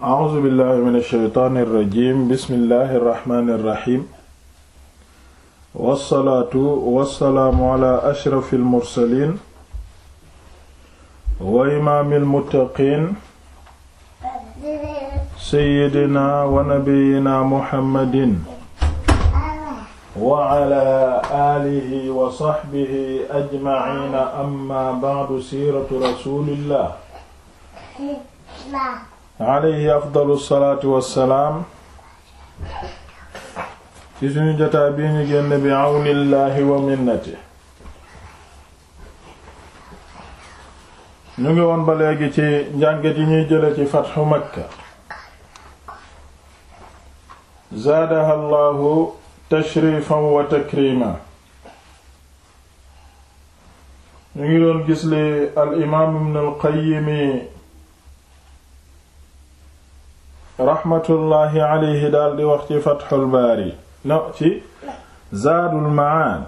a'uuzu billahi min alsheytaani irrajim bismillahi irrahmaani irrahim wassalaatu wassalaamu ala ashrafi almursalin wa imaami almuttaqiin seyyidina wa nabiyina muhammadin wa ala aalihi wa saxbihi ajmaciina amma bacdu siiratu rasuulillah alayhi afdalu salaatu wassalaam ci suñu jotaa bii ñu génn bi àwnillaahi wa minnati ñu ngi woon ba léegi ci njànget yi ñuy jële ci fatxu makka zaadaha allahu tashrifan wa takrima ñu ngi doon gis li al imaam ibn al qayyimi raxmatullaahi alayhi daal di wax ci Fathul Baari no ci Zaadul Ma'aad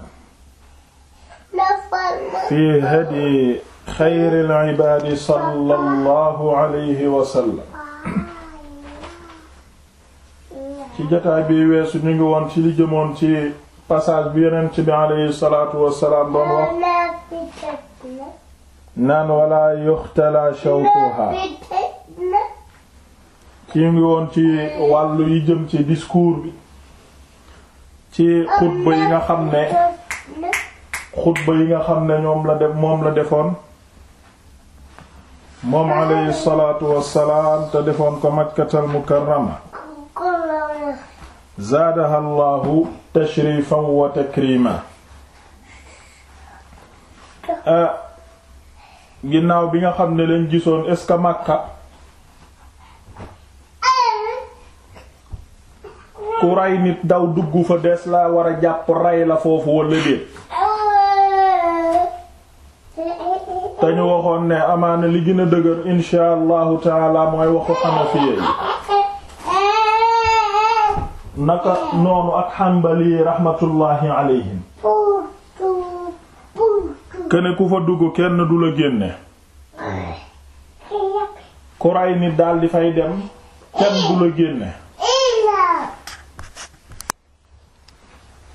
fi hadyi xayril ibaadi sallallahu alayhi wa sallam ci jotaay bi weesu ñu ngi woon ci li jëmoon ci passage bi yonent bi alayhi salaatu wa salaam doon wax naan wala yuxtala shawkuha ci ngi woon ci wàll yi jëm ci discours bi ci xutba yi nga xam ne xutba yi nga xam ne ñoom la def moom la defoon moom alayhi salaatu wassalaam te defoon ko makkatal mukarrama zaadaha llahu tashrifan wa takrima ah, ginnaaw bi nga xam ne lañ gisoon est-ce Makka ku rey nit daw dugg fa des laa war a jàpp rey la foofu walla déet te waxoon ne amaana li gën a dëgër insha allahu taala mooy waxu xanafiya yi naka noonu ak xambali raxmatullaahi alayhim kene ku fa dugg kenn du la génne ku rey nit daal fay dem kenn du la génne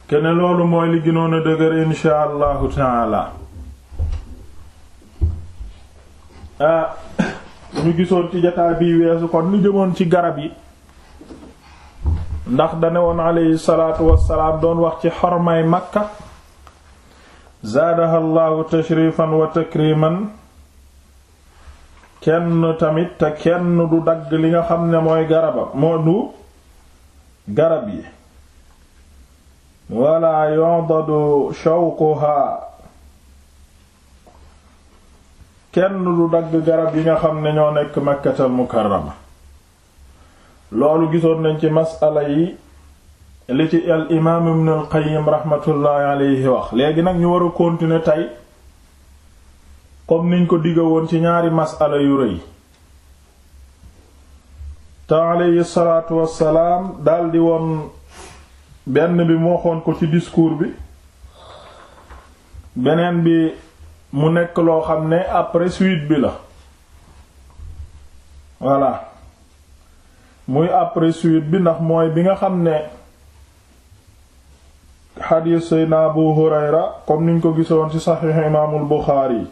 kene loolu mooy li gënoon a dëgër insha allahu taala ah gisoon ci jataa bii weesu kon lu jëmoon ci garab yi ndax dane woon aleyhi salaatu wassalaam doon wax ci xormay makka zaadaha allahu tashrifan wa takriman kenn tamit te kenn du dagg li nga xam ne mooy garaba moo du garab yi wala yondadu shawquha kenn du dagg garab yi nga xam ne ñoo nekk makkatal mukarrama loolu gisoon nañ ci masala yi li ci al imaam ibn al raxmatullaahi wax léegi nag ñu waru a tey comme niñ ko digga woon ci ñaari masala yu rëy te alayhi salaatu daldi woon benn bi mu waxoon ko ci discours bi beneen bi mu nekk loo xam ne après suite bi la voilà muy après suite bi ndax mooy bi nga xam ne xadiis na Abu Hurayra comme niñ ko gisoon ci saxiix imaamul yi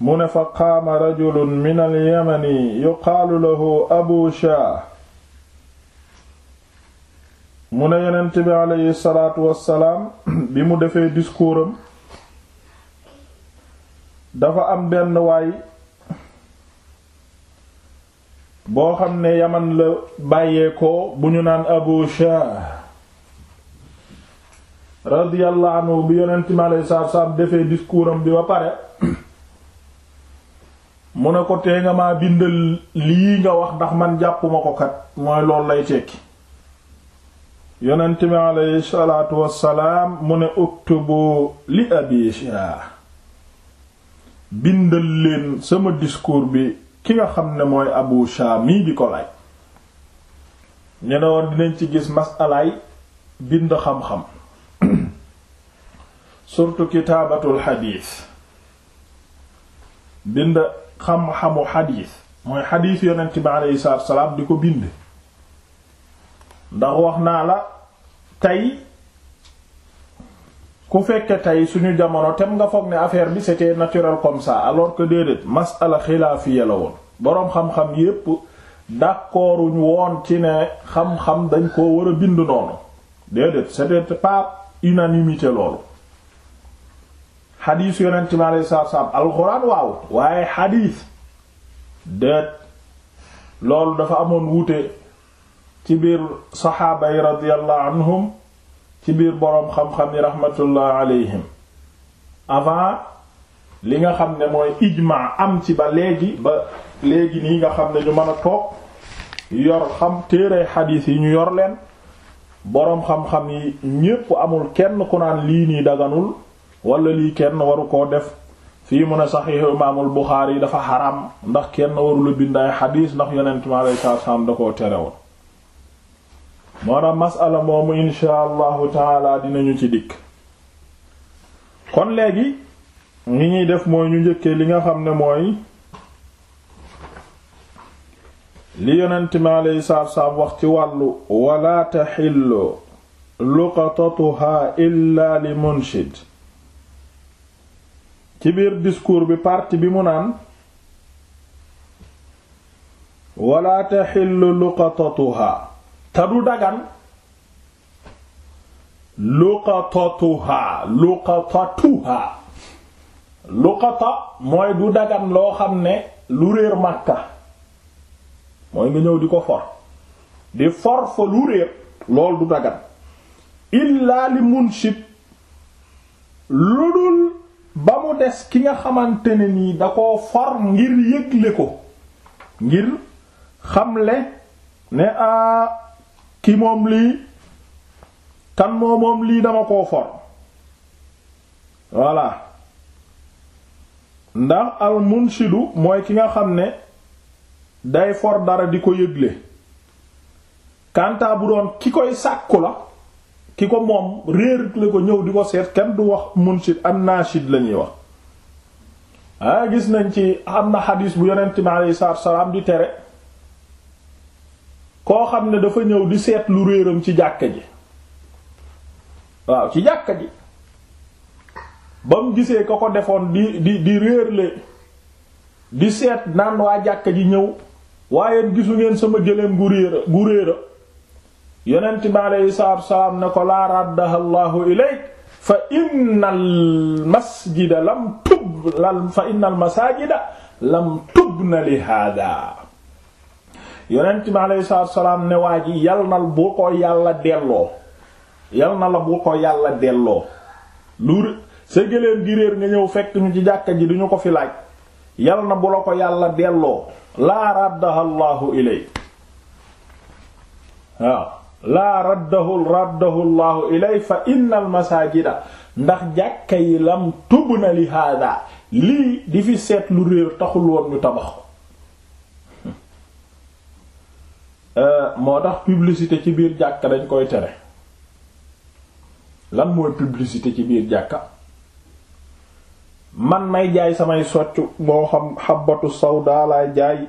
mu ne fa qaama rajulun min al yamani yuqaalu lahu Abu Shah mu ne yonent bi aleyhi bi mu defee discours dafa am benn waay boo xam ne yaman la bàyyeekoo bu ñu naan abu shah radiyallahu anhu bi yonent bi aleyhi salaatu wassalaam defee discours bi ba pare mu ne ko tee nga ma bindal lii nga wax ndax man jàppuma ko kat mooy loolu lay tekki yonent bi aleyhi salaatu wassalaam mu ne uktubu li abi shah bindal leen sama discours bi ki nga xam ne mooy abu shah mii ko laaj ñu dinañ ci gis masalaay bind xam-xam surtout kitaabatul xadiis bind xam-xamu xadiis mooy xadiis yonent bi aleyhi salaatu wassalaam di ko bind ndax wax naa la tey ku fekke tey suñu jamono tem nga foog ne affaire bi c'était naturel comme ça alors que déedéet masala xilaafiya la woon boroom xam-xam yépp d'accorduñu woon ci ne xam-xam dañ koo war a bind noonu déedéet c'était pas unanimité loolu xadiis yonent mi alei satu salaam alxuraan waaw waaye xadiis déet loolu dafa amoon wuute ci biir saxaaba yi radiyallahu anhum ci biir boroom xam-xam yi rahmatullah alayhim avant li nga xam ne mooy ijma am ci ba léegi ba léegi nii nga xam ne ñu mën a toog yor xam téere xadiis yi ñu yor leen boroom xam-xam yi ñépp amul kenn ku naan lii nii daganul wala lii kenn waru koo def fii mu ne saxiixu imaamul Buxaari yi dafa xaram ndax kenn warula bind ay xadiis ndax yonent mi alayhi salaam da koo terewoon moo tax masala moomu insha allahu taala dinañu ci dikk kon léegi ngi ñuy def mooy ñu njëkkee li nga xam ne mooy li yonent mi alayhi salaatu salaam wax ci wàllu wala taxillu luqatatuha illa li munshid ci biir discours bi parti bi mu naan wala taxillu luqatatuha te du dagan luqatatuha luqatatuha luqata mooy du dagan loo xam ne lu réer Makka mooy nga ñëw di ko for di for fa lu réer lool du dagan illaa li munshid lu dul ba mu des ki nga xamante ne nii da koo for ngir yëgle ko ngir xamle ne a ah, ki moom lii kan moo moom lii dama koo for voilà ndax al munshidu mooy ki nga xam ne day for dara di ko yëgle kanta bu doon ki koy sàkku la ki ko moom réer la ko ñëw di ko seet kenn du wax munshid am nashid la ñuy wax ah gis nañ ci am na xadiis bu yonent bi aleyhi salaatu wa salaam di tere koo xam ne dafa ñëw di seet lu réeram ci jàkka ji waaw ci jàkka ji ba gisee ko ko defoon di di di réerle di seet naan waa jàkka ji ñëw waaye gisu ngeen sama gëléem gu réera gu réera yonent bi aleyhi salaatu wasalaam ne ko laa raddaha allahu ilayk fa innal masjida lam tub lam fa innal masajida lam tubna li hada yonent bi aleyhi salaam ne waa ji yal na bu ko yàlla delloo yal na la bu ko yàlla delloo lu sa gëléem gi réer nga ñëw fekk ñu ci jàkka ji duñu ko fi laaj yal na bu la ko yàlla delloo laa raddaha llaahu ilay waaw laa raddahu raddahu ilay fa inna al ndax jàkka yi lam tubna li hada lii di fi seet lu réer taxul woon ñu tabax Euh, moo tax publicité ci biir jàkka dañ koy tere lan mooy publicité ci biir jàkka man may jaay samay soccu boo xam xabatu sawda laay jaay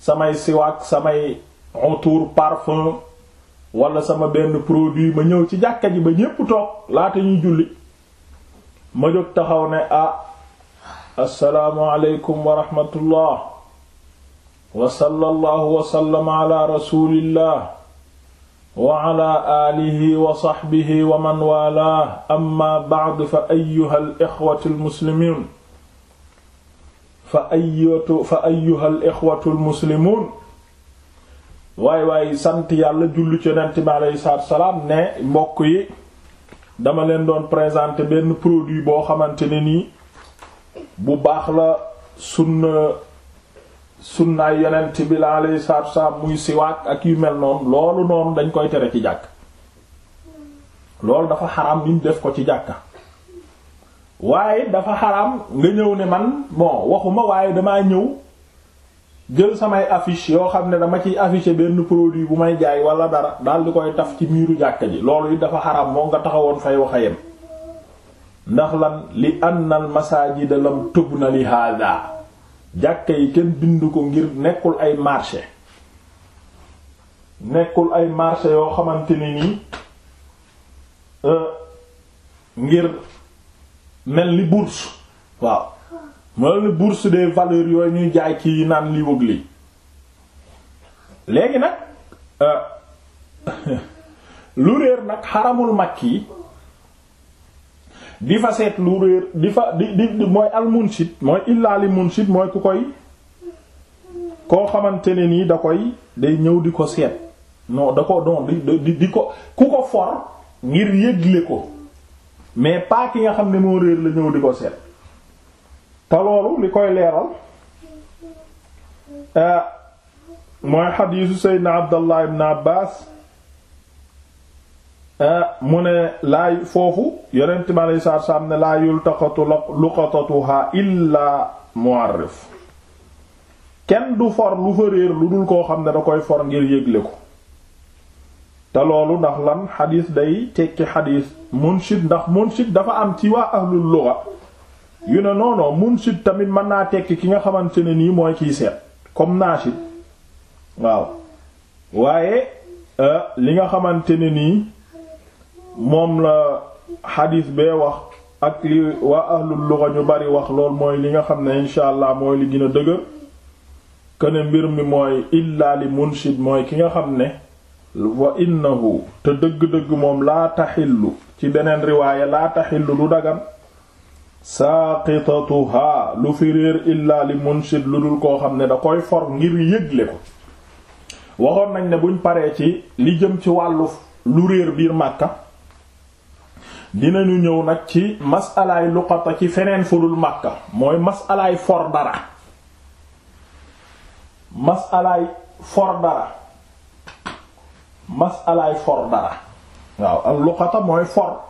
samay siwaak samay autour parfum wala sama benn produit ma ñëw ci jàkka ji ba ñépp toog laata ñuy julli ma jóg taxaw ne ah assalaamu aleykum wa wa sallallahu wa sallama ala rasulillah wa ala aalihi wa saxbihi wa man waalaa amma ba'd fa ayyuhal ixwatul muslimin fa ayyatu fa ayyuhal ixwatul muslimun waay waay sant yàlla julli ci yonent bi aleyhi salaatu salaam ne mbokk yi dama leen doon présenter benn produit boo xamante ne nii bu baax la sunna sunnaay yonent bi la alayhi salaatu salaam muy siwaak ak yu mel noonu loolu noonu dañ koy tere ci jàkk loolu dafa xaram niñ def ko ci jàkka waaye dafa xaram nga ñëw ne man bon waxuma waaye damaa ñëw jël samay affiche yoo xam ne dama ciy afficher benn produit bu may jaay wala dara daal koy taf ci miiru jàkka ji loolu it dafa xaram moo nga taxawoon fay wax ndax lan li anna al masajida lam na li hada jàkka yi kenn bind ko ngir nekkul ay marché nekkul ay marché yoo xamante ne nii euh, ngir mel ni bourse waaw mel ni bourse des valeurs yooyu ñuy jaay ci naan li wëg li léegi nag euh, lu réer nag xaramul makki di fa seet lu réer di fa di di mooy almunshid mooy illaali munshid mooy ku koy koo xamante ne nii da koy day ñëw di ko seet non da ko don di di ko ku ko for ngir yëgle ko mais pas ki nga xam ne moo réer la ñëw di ko seet te loolu li koy leeral euh, mooy xadiisu Seydina Abdallah ibn Abbas Eh, mu ne laay foofu yonent mi aleyhi salaatu salaam ne laa yultaqatu luqatatuha illa mu'arrif kenn du for lu fa réer lu dul koo xam ne da koy for ngir yëgle ko te loolu ndax lan xadiis day tekki xadiis munshid ndax munshid dafa am ci waa ahlul lugha yu ne noonon munshid tamit mën naa tekki ki nga xamante ne nii mooy kiy seet comme naashid waaw waaye eh, li nga xamante ne nii moom la xadiis bee wax ak li waa ahlul luga ñu bari wax lool mooy li nga xam ne insha allah mooy li gën a dëgër këne mbir mi mooy illaa li munshid mooy ki nga xam ne wa innahu te dëgg-dëgg moom laa taxillu ci beneen riwaaya laa taxillu du dagan saaqitatuhaa lu fi réer illaa li munshid lu dul koo xam ne da koy for ngir yëgle ko waxoon nañ ne buñ paree ci li jëm ci wàllu lu réer biir Màkka dinañu ñëw nag ci masalaay luqata ci feneen fudul màkk mooy masalaay for dara masalaay for dara masalaay waaw al luqata mooy for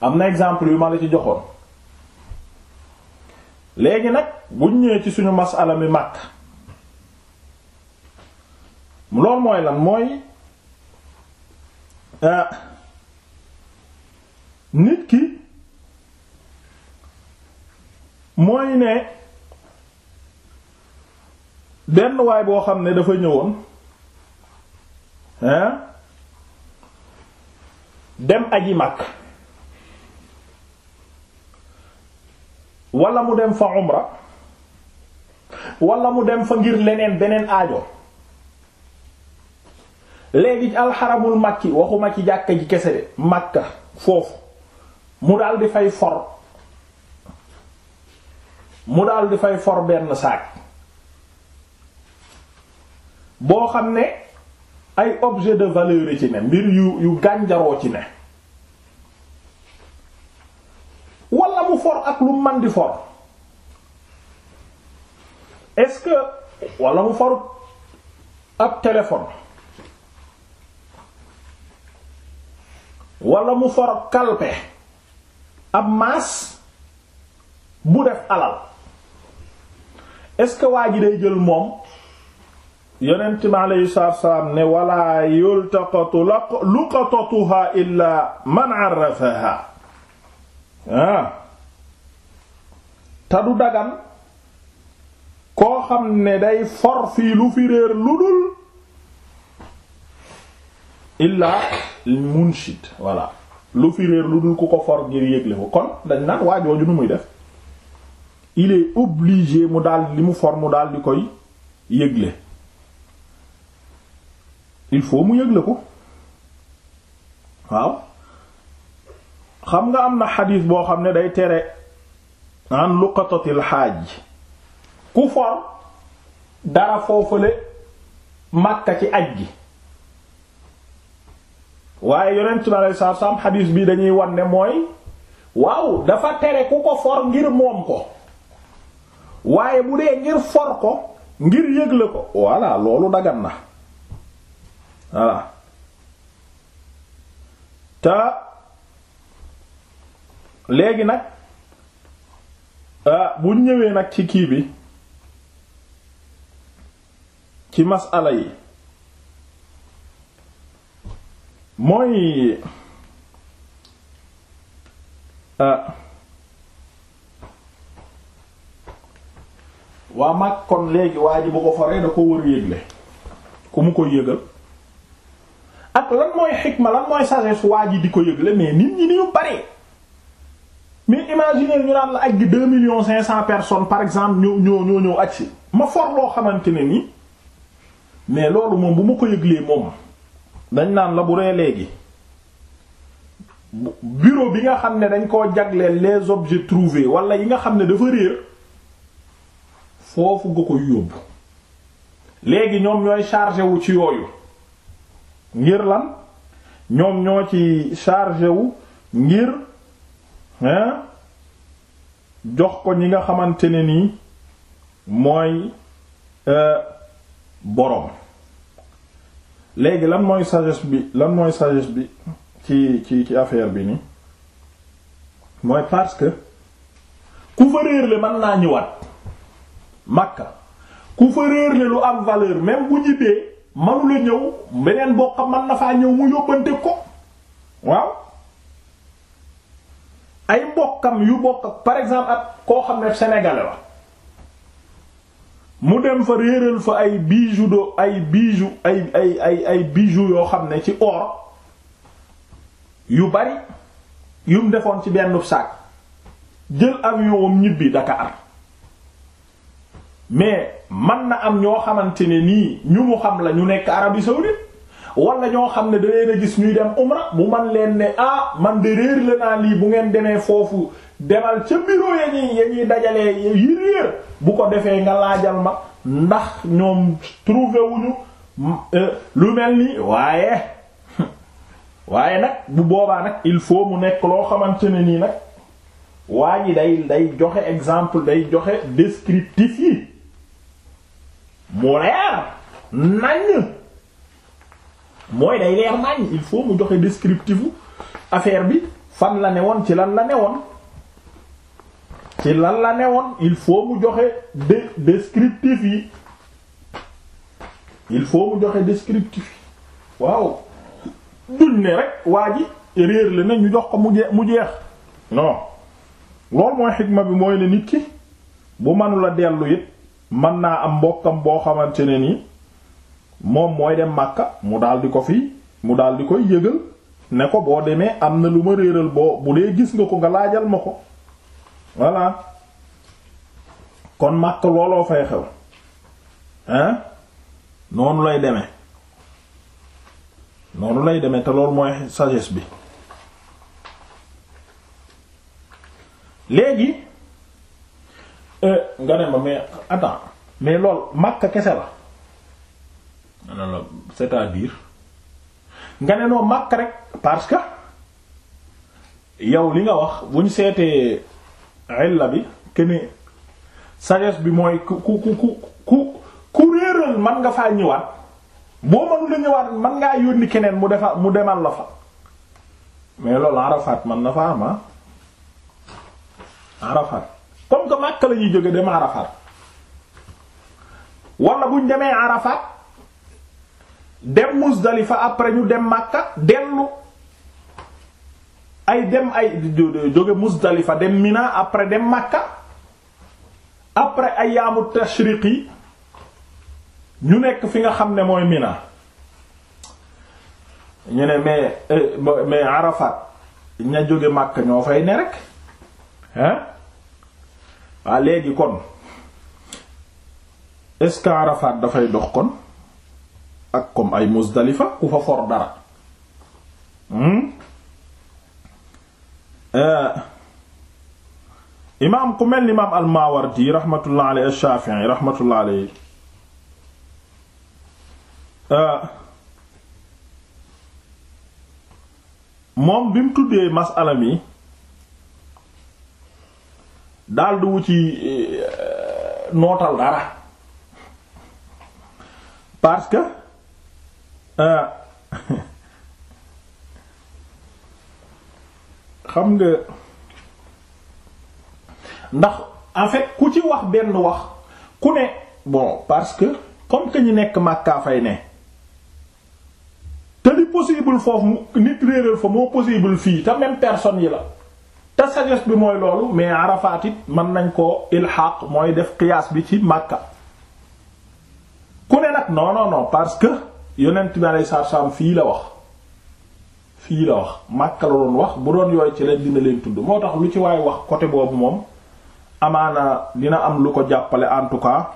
am na exemple yu ma la ci joxoon léegi nag buñ ñëwee ci suñu masala mi màkk loolu mooy lan mooy euh, nit ki mooy ne benn waay boo xam ne dafa ñëwoon hein dem aji Makka walla mu dem fa umra wala mu dem fa ngir leneen beneen aajo léegi alxaramul makki waxuma ci jàkka ji kese de Makka foofu mu daal di fay for mu daal di for benn saak boo xam ne ay objet de valeur ci ne mbir yu yu gànjaroo ci ne wala mu for ak lu man di for est-ce que mu for ab téléphone wala mu for kalpe ab maas bu def alal est-ce que waa ji day jël moom yonent mi aleyhi salaatu salaam ne wala yultaqatu luqatatuha illa man arrafaha ah. te du dagan koo xam ne day for fii lu fi réer lu dul illa munshid voilà lu fi réer lu dul ku ko for ngir yégle ko kon dañ naan waa jooju nu muy def il est obligé mu daal li mu for mu daal di koy yégle il faut mu yëgle ko waaw xam nga am na xadiis boo xam ne day tere an luqatatil xaaj ku for dara foofale màkka ci aj gi waaye yonent bi alei saatu salaam xadiis bi dañuy wan ne mooy waaw dafa tere ku ko for ngir moom ko waaye bu dee ngir for ko ngir yëgle ko voilà loolu dagan na voilà te léegi nag euh, bu ñëwee nag ci kii bi ci masala yi mooy waa mag kon léegi waa ji bu ko foree da ko war yëgle ku mu ko yëgal ak lan mooy xikma lan mooy sagesse waa ji di ko yëgle mais nit ñi ni ñu bare mais imaginer ñu naan la aj gi deux millions cinq cent personnes par exemple ñoo ñoo ñoo ñëw aj si ma for loo xamante ne ni mais loolu moom bu ma ko yëglee moom dañ naan la bu dee léegi bureau bi nga xam ne dañ koo jagleel les objets trouvés wala yi nga xam ne dafa réer foofu nga koy yóbbu léegi ñoom ñooy chargé wu ci yooyu ngir lan ñoom ñoo ci chargé wu ngir hein jox ko ñi nga xamante ne nii mooy euh boroom léegi lan mooy sagesse bi lan mooy sagesse bi ci ci ci affaire bi ni mooy parce que ku fa réerle mën naa ñëwaat Makka ku fa réerle lu am valeur même bu ñibbee mënu la ñëw beneen bokkam mën na faa ñëw mu yóbbante ko waaw ay mbokkam yu bokk par exemple ak koo xam ne sénégalais la mu dem fa réeral fa ay bijoux do ay bijoux ay ay ay ay bijoux yoo xam ne ci or yu bari yum defoon ci benn saak jël avion wam ñibbi Dakar mais man na am ñoo xamante ne nii ñu mu xam la ñu nekk Arabie saoudite na ñoo xam ne da leen gis ñuy dem umra bu man leen ne ah man de réer la naa lii bu ngeen demee foofu demal ca bureau ya ñuy ya ñuy dajalee yi réer bu ko defee nga laajal ma ndax ñoom trouvé wuñu mm, euh, lu mel nii waaye waaye nag bu boobaa nag il faut mu nekk loo xamante ne nii nag waa ji day day joxe exemple day joxe descriptif yi mu leer nañ mooy day leer nañ il faut mu joxe descriptifu affaire bi fan la ne woon ci lan la ne woon ci lan la ne woon il faut mu joxe de descriptif yi il faut mu joxe descriptif yi waaw duñ ne waa ji réer la ne ñu jox ko mu jeex mu jeex non mooy xikma bi mooy ne nit ki bu manula dellu it mën naa am mbokkam boo xamante ne ni moom mooy dem Makka mu daldi ko fii mu daal di koy yëgal ne ko boo demee am na lu ma réeral boo bu dee gis nga ko nga laajal ma ko voilà kon Makka looloo fay xew hein noonu lay deme noonu lay demee te loolu mooy sagesse bi léegi euh, nga ne ma mais attends mais lool Makka kese la ana la c'est-à-dire nga ne noo Makka rek parce que yow li nga wax bu ñu seetee illa bi kene sagesse bi mooy ku ku ku ku ku réeral man nga faa ñëwaat boo mënu la ñëwaat man ngaa yónni keneen mu defa mu demal la fa mais loolu Arafat man na fa am ah. Arafat comme que Makka la ñuy jóge dem Arafat wala buñ demee Arafat dem fa après ñu dem Makka dellu ay dem ay jóge Muzdalifa dem Mina après dem Makka après ayaamu tashriq ñu nekk fi nga xam ne mooy Mina ñu ne mais euh, mais Arafat ña jóge Makka ñoo fay ne rek hein waa léegi kon est-ce que Arafat dafay dox kon ak comme ay Muzdalifa ku fa for dara hmm? Eh, imaam ku mel ni imaam al-Maawardi rahmatullah alayhi ash-Shaafi'i rahmatullah alayhi eh, moom bi mu tuddee masala mi daldi wu ci eh, nootal dara parce que xam nga ndax en fait ku ci wax benn wax ku ne bon parce que comme que ñu nekk Makka fay ne te li possible foofu nit réeral fa moo possible fii te même personne yi la te sagesse bi mooy loolu mais Arafat it mën nañ ko ilhaq mooy def qiyaas bi ci màkka ku ne nag non parce que yonent bi alayhi fii la wax fii la wax Makka la doon wax bu doon yooy ci leen dina leen tudd moo tax lu ci waay wax côté boobu moom amaana dina am lu ko jàppale en tout cas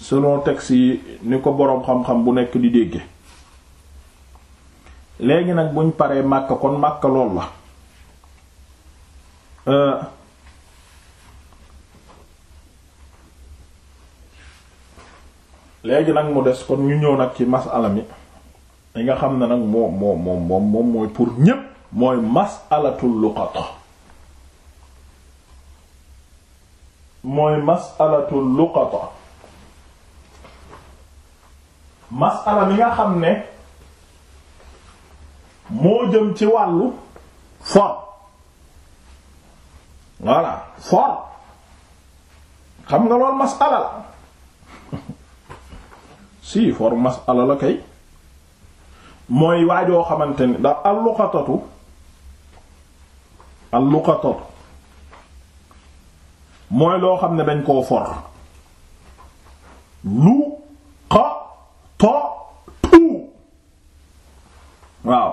selon texte yi ni ko boroom xam-xam bu nekk di dégge léegi nag buñ paree Makka kon Makka lool la euh, léegi nag mu des kon ñu ñëw nag ci masala mi li nga xam ne nag moom moom moom moom moom mooy pour ñépp mooy masalatul luqata mooy masalatul luqata masala mi nga xam ne moo jëm ci wàllu for voilà for xam nga loolu masala la si for masala la kay mooy waajoo xamante ni ndax alluqatatu alluqatatu mooy loo xam ne dañ koo for lu qa to tu waaw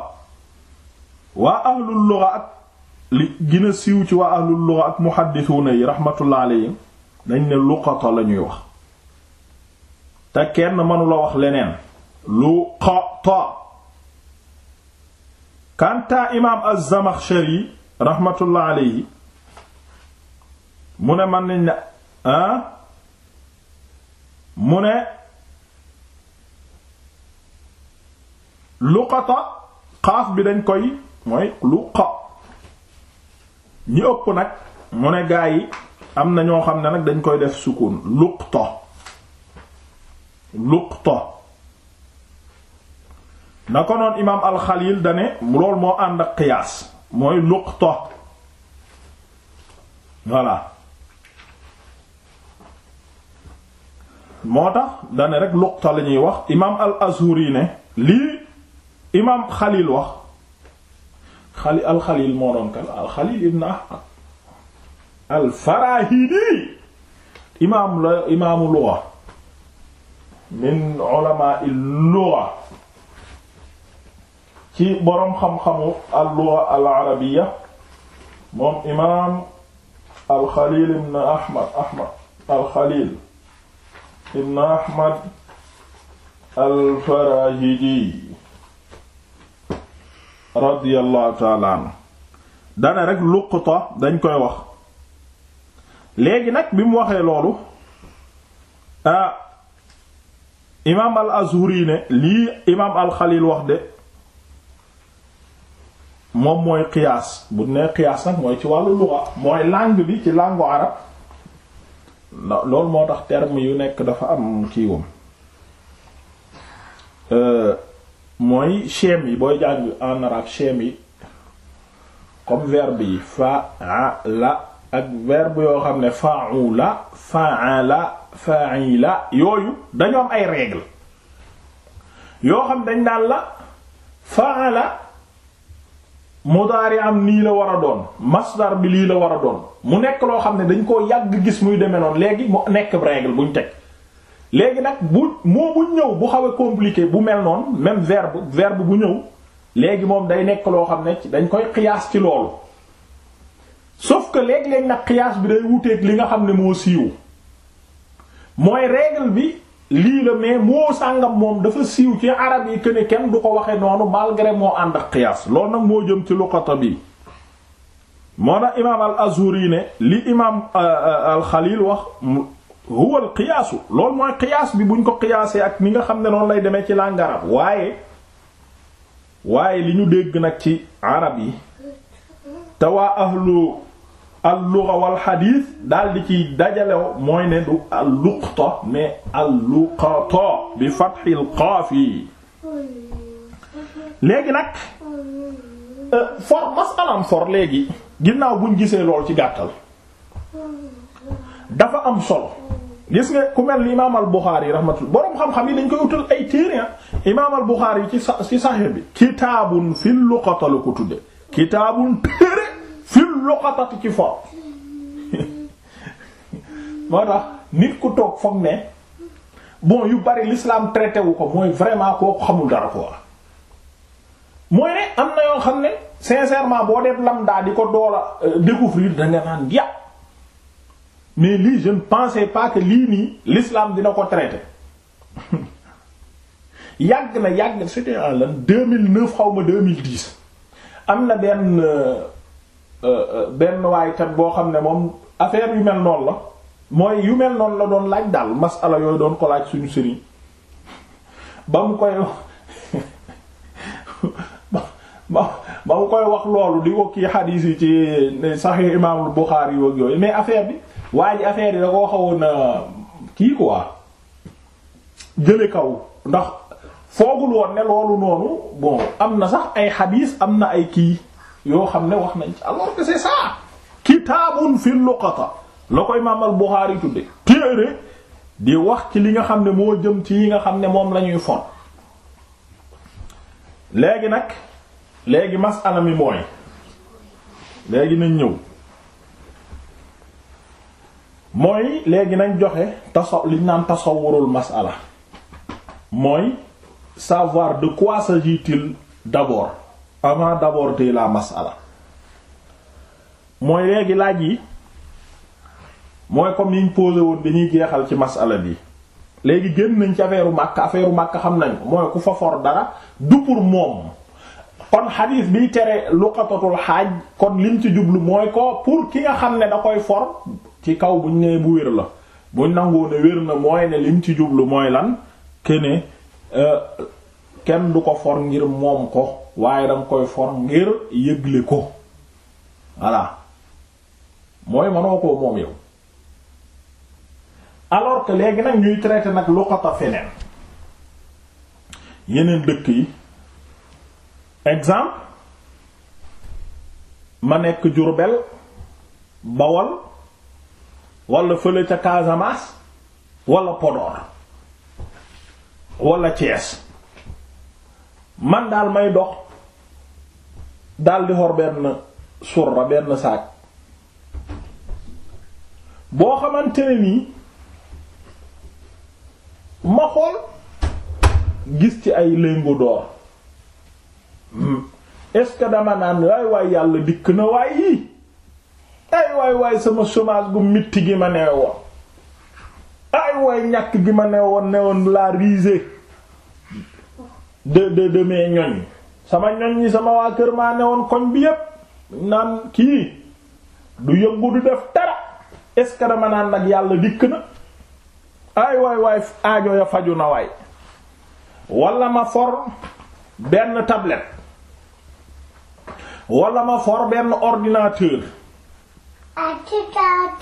waa ahlul lugha ak li gën siiw ci waa ahlul lugha ak na yi rahmatullah alayhim dañ ne luqata la ñuy wax te kenn mënula wax leneen luqata kantaa imaam az-Zamakhshari rahmatullah alayhi mu ne man nañ la ah mu ne luqata xaaf bi dañ koy mooy luqa ñi ëpp nag mu ne gaa yi am na ñoo xam ne nag dañ koy def sukun luqta luqta na ko noon imaam alxaliil dane lool moo ànd ak qiyaas mooy luqta voilà moo tax dane rek luqta la ñuy wax imaam al azhuri ne lii imaam xaliil wax al xaliil moo doon kan al xaliil ibn ahmad al farahidi imaam la imaamu lugha min ulama al lugha ci boroom xam-xamu al-lugha al-arabiyya moom imaam al-Khalil Ahmad Ahmad al Ahmad al-Farahidi ta'ala anhu dana rek luqta dañ koy wax léegi nag bi mu waxee loolu ah imaam al ne lii imaam al wax de moom mooy qiyaas bu ne qiyaas nag mooy ci wàllu luga mooy langue bi ci langue arab loolu moo tax terme yu nekk dafa am kiiwam euh, mooy schème yi booy jàng en arabe schème yi comme verbe yi fa'ala ak verbe yoo xam ne fa'ula fa'ala la yooyu dañoom ay règle yoo xam dañ daan la fa'ala yi am nii la war a doon masdar bi lii la war a doon mu nekk loo xam ne dañ koo yàgg gis muy demee noon léegi mu nekk règle buñ teg léegi nag bu moo bu ñëw bu xaw a compliqué bu mel noon même verbe verbe bu ñëw léegi moom day nekk loo xam ne dañ koy xiyaas ci loolu sauf que léeg-léeg nag xiyaas bi day wuteeg li nga xam ne moo siiw mooy règle bi lii la mais moo sàngam moom dafa siiw ci arab yi que kenn du ko waxe noonu malgré moo ànd ak qiyaas loolu nag moo jëm ci luqata bi moo tax imaam al azuri ne li imaam euh, euh, al xalil wax huwa al qiyaasu loolu mooy qiyaas bi buñ ko qiyaasee ak ni nga xam ne noonu lay demee ci langue arab waaye waaye li ñu dégg nag ci arab yi te waa ahlu al-lugha wal hadith daal di ciy dajalew mooy ne du al-luqta mais al-luqata bi fathil qaaf yi léegi nag euh, for masalam for léegi ginnaaw buñ gisee lool ci gàttal dafa am solo gis nga ku mel ni imaam al Buxaari rahmatul boroom xam-xam yi dañ koy utal ay téere ah. imaam al Buxaari yi ci ci Sahih bi luqata la ko tudde kitaabun fil loxatati ci for moo tax nit ku toog foog ne bon yu bari l'islam traité wu ko mooy vraiment koo xamul dara ko war mooy ne am na yoo xam ne sincèrement boo def lambda di ko doola euh, découvrir danga naan yàpp mais lii je ne pensais pas que lii nii l'islam dina ko traité yàgg na yàgg c'était en l'an 2009 xaw ma 2010 am na benn euh, Euh, euh, benn waaykat boo xam ne moom affaire yu mel noon la mooy yu mel noonu la doon laaj daal masala yooyu doon ko laaj suñu sëriñ ba mu koy ba mu koy wax loolu di ko kii xadiis yi ci Sahih Imaamul Buxaari yooyu mais affaire bi waa ji affaire yi da koo xawoon kii quoi jële kaw ndax foogul woon ne loolu noonu bon am na sax ay xadiis am na ay kii yoo xam ne wax nañ ci alors que c'est ça kitaabun fi luqata la ko imaam al-Bukhari téere di wax ci li nga xam ne moo jëm ci yi nga xam ne moom la ñuy fon léegi nag léegi masala mi mooy léegi nañ ñëw mooy léegi nañ joxe tasaw liñ naan tasawurul masala mooy savoir de quoi s'agit-il d'abord avant d'aborder la masala mooy léegi laaj yi mooy comme yiñ posé bi ñuy jeexal ci masala bi léegi génn nañ ci affaire u Makka màkk xam nañ mooy ku fa for dara du pour moom kon xadiis biy tere luqatatul xaaj kon lim ci jublu mooy ko pour ki nga xam ne da koy for ci kaw buñ nee bu wér la buñ nangoo ne wér na mooy ne lim ci jublu mooy lan kene euh, kenn du ko for ngir moom ko waaye danga koy for ngir yëgle ko voilà mooy mënoo koo moom yow alors que léegi nag ñuy traité nag luqata feneen yeneen dëkk yi exemple ma nekk Jurbel Bawol wala fële ca Casamance wala Podor wala Thiès man daal may dox daldi xor benn surra benn saak boo xamante ne nii ma xool gis ci ay lingots d'or hmm. est-ce que dama naan waay waay yàlla dikk na waay yii ay waay waay sama chômage bu mitti gi ma nee woon ay waay ñàkk gi ma nee woon nee woon la risée de de de ñoñ sama ñoñ ñi sama waa kër maa ne woon koñ bi yépp naan kii du yëngu du def dara est naan nag yàlla dikk na ay waay waay aajo ya faju na waay wala ma for benn tablette wala ma for benn ordinateur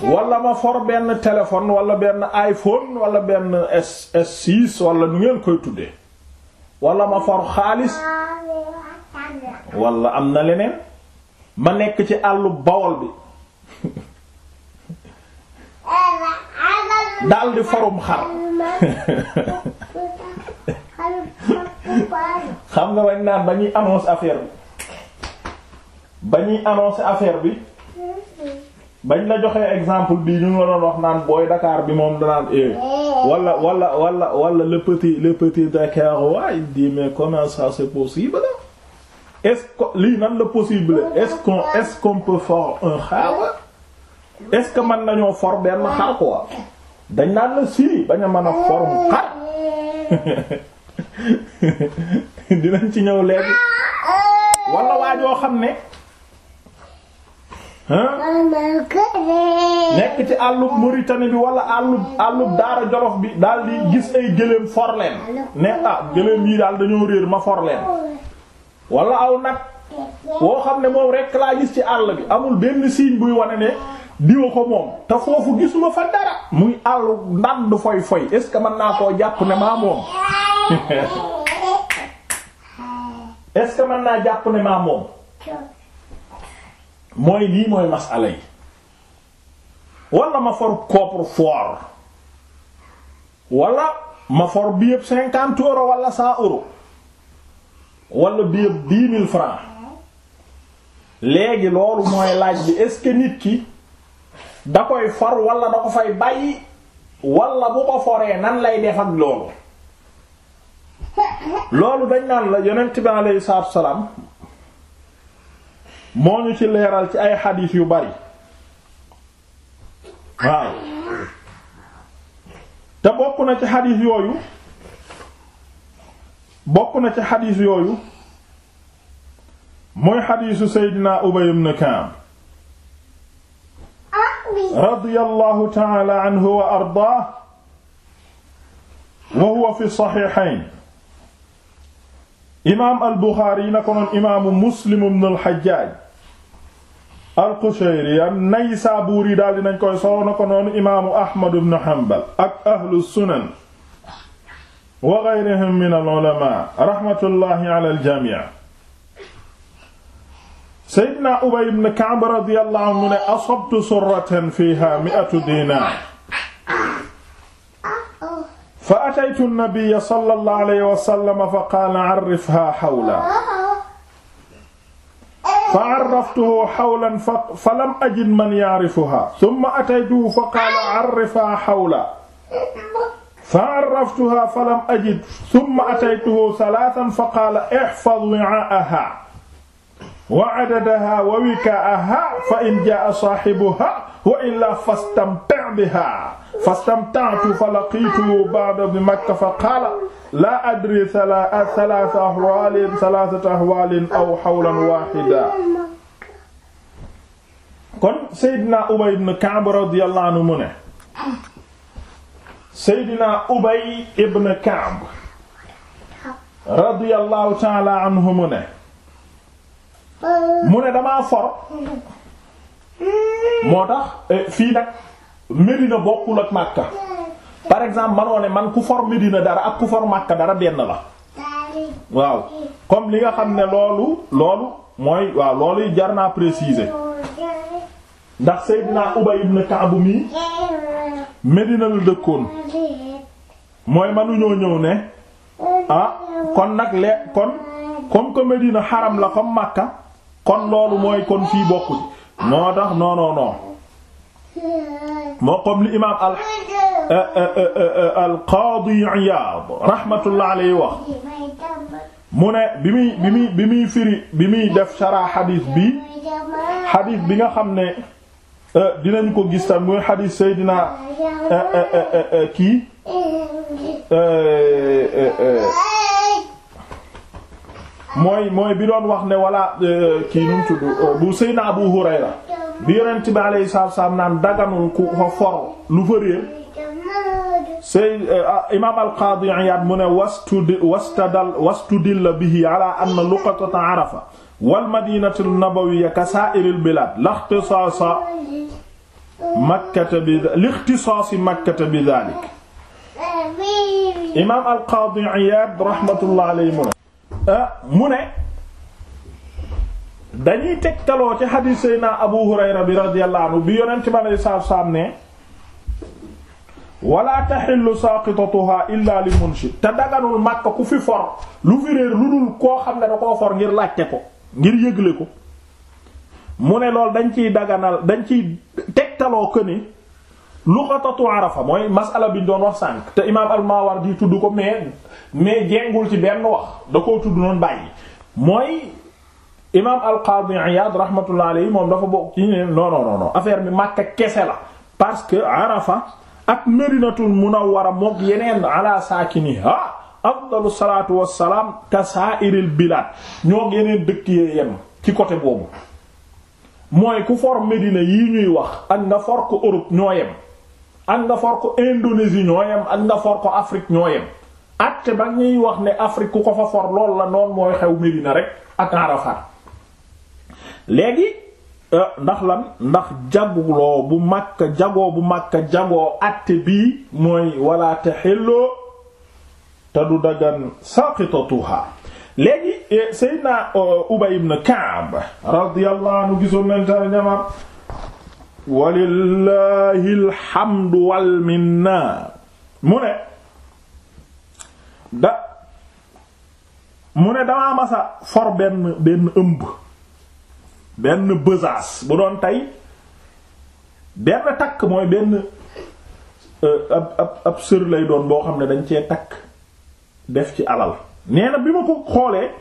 wala ma for benn téléphone wala benn iPhone wala benn S s nu ngeen koy tuddee wala ma for xaalis walla am na leneen ma nekk ci àll bawol bi daldi farum xar xam nga wañ naan ba ñuy annonce affaire bi ba ñuy affaire bi bañ la joxee exemple bii ñu ngi doon wax naan booy Dakar bi moom danaan e walla walla walla walla le petit le petit Dakar waay di mais comment ça c'est possible est lii nan la possible est-ce qu'on est-ce un xaar est-ce que mën nañoo for benn xar quoi dañ naan la si bañ a mën a for xar dinañ ci ñëw léegi wala waajoo xam ne nekk ci àllub Mauritanie bi wala àllub àllub Daara Jolof bi daal di gis ay gëléem for leen ne ah gëléem yi daal dañoo réer ma for leen wala aw nag woo xam ne moom rek laa gis ci àll bi amul benn signe buy wane ne diwa ko moom te foofu gisuma fa dara muy àllu ndand foy foy est ce que mën naa koo jàpp ne maa moom est ce que mooy lii mooy masala yi wala ma for coffre-fort wala ma for bi yëpp cinquante euros wala cent wala biir dix mil francs léegi loolu mooy laaj bi est-ce que nit ki da koy for wala da ko fay bàyyi wala bu ko foree nan lay def ak loolu loolu dañ naan la yonent bi aleyhi salaatu salaam moo ñu ci leeral ci ay xadiis yu bari waaw te bokk na ci xadiis yooyu bokk na ci xadiis yooyu mooy xadiisu seydina ubay ibn kaab radiyallahu taala anhu wa ardaah wa huwa fi saxiixayn imaam al buxaari na ko noon imaamu muslim ibn al xajjaaj al qushayri an naysaabuuri daal dinañ koy solo na ko noonu imaamu ahmad ibn hanbal ak ahlu sunan wa gayrihim min al ulama raxmatullahi ala al jamii seydna ubay ibn kaab radiyallahu anhu ne asabtu surratan fiha mi'atu dinaar fa ataytu nabiyya sallallahu alayhi wa sallam fa qaala arrifha hawla فعرفته حولا فلم أجد من يعرفها ثم أتيته فقال عرفها حولا fa'arraftuha falam ajid thumma ataytuhu thalathan faqala ihfaz wi'a'aha wa adadaha wa wika'aha fa in jaa'a saahibuha wa illaa fastamti' biha fastamta'tu falaqiituhu ba'da bi Makka faqaala laa adrii thalaatha ahwaalin thalaatha ahwaalin aw hawlan waahidan. kon Seydina Ubay ibn Ka'b radiyallahu anhu mu ne. seydina ubay ibn kaab radiyallahu taala anhu mu ne mu ne damaa for moo tax eh, fii nag Medina bokkul ak Makka par exemple manoo ne man ku for Medina dara ak ku for Makka dara benn la waaw comme li nga xam ne loolu loolu mooy waaw loolu jar naa préciser ndax Seydina Ubay ibn Ka'b mi Medina la dëkkoon mooy manuñoo ñëw ne ah kon nag le kon kom que Medina xaram la comme Makka kon loolu mooy kon fii bokkul moo tax non non non moo comme li imaam al eh, eh, eh, al qaadi Iyaad rahmatullah alayhi wax mu ne bi muy bi muy bi muy firi bi muy def sarah xadiis bi xadiis bi nga xam ne. Euh, dinañ ko gis tam muy xadiis Seydina euh, euh, kii mooy mooy bi wax ne wala kii nu mu tudd bu Seydina Abu Hurayra bi yonent bi alayhi salaatu salaam naan daganul ku fa for ah, imaam al-Qaadi Iyaad mu ne wastudil wastadal bihi ala anna luqatata Arafa wal madinatu nabawiyya ka saa'iril bilaad lixtisaasa makkata bi lixtisaasi makkata bi daalik imaam al qaadi Iyaad rahmatullahi alayhi mu ne ah, mu ne dañuy tegtaloo ci xadiis Seydina Abu Hurayra bi radiyallahu anhu bi yonent bi alayhi salaatu salaam ne wala taxillu saaqitatuha illa li munshid te daganul Makka ku fi for lu fi réer lu dul koo xam ne da koo for ngir laajte ko ngir yëgle ko mu ne lool dañ ciy daganal dañ ciy tegtaloo ko ni luxatatu arafa mooy masala bi doon wax sànq te imaam al-Mawardi tudd ko mais mais jengul ci benn wax da koo tudd noonu bàyyi mooy imaam al-Qadi Iyad rahmatullah moom dafa bokk ci ne non non non affaire bi Makka kese la parce que arafa ak Madinatul Munawwara mook yeneen ala saakiniha afdalu salaatu wassalaam ka sa'iril bilaad ñoo yeneen dëkk yee yem ci côté boobu mooy ku for Médina yi ñuy wax ak nga for ko Europe ñoo yem ak nga for ko Indonésie ñoo yem ak nga for ko Afrique ñoo yem acte ba ñuy wax ne Afrique ku ko fa for lool la noon mooy xew Médina rek ak Arafat léegi euh, ndax lan ndax jagloo bu Makka jagoo bu Makka jagoo acte bii mooy walla xelloo te du dagan saqitatuha léegi eh, Seydina eh, Ubay ibn Ka'b radiyallahu anhu gisoon nañ ta ñamar walillahi alhamdu wal minna mu ne da mu ne damaa masa for benn benn ëmb benn besace bu doon tey benn takk mooy benn eh, ab ab ab sër lay doon boo xam ne dañ cee takk def ci alal nee bi ma ko xoolee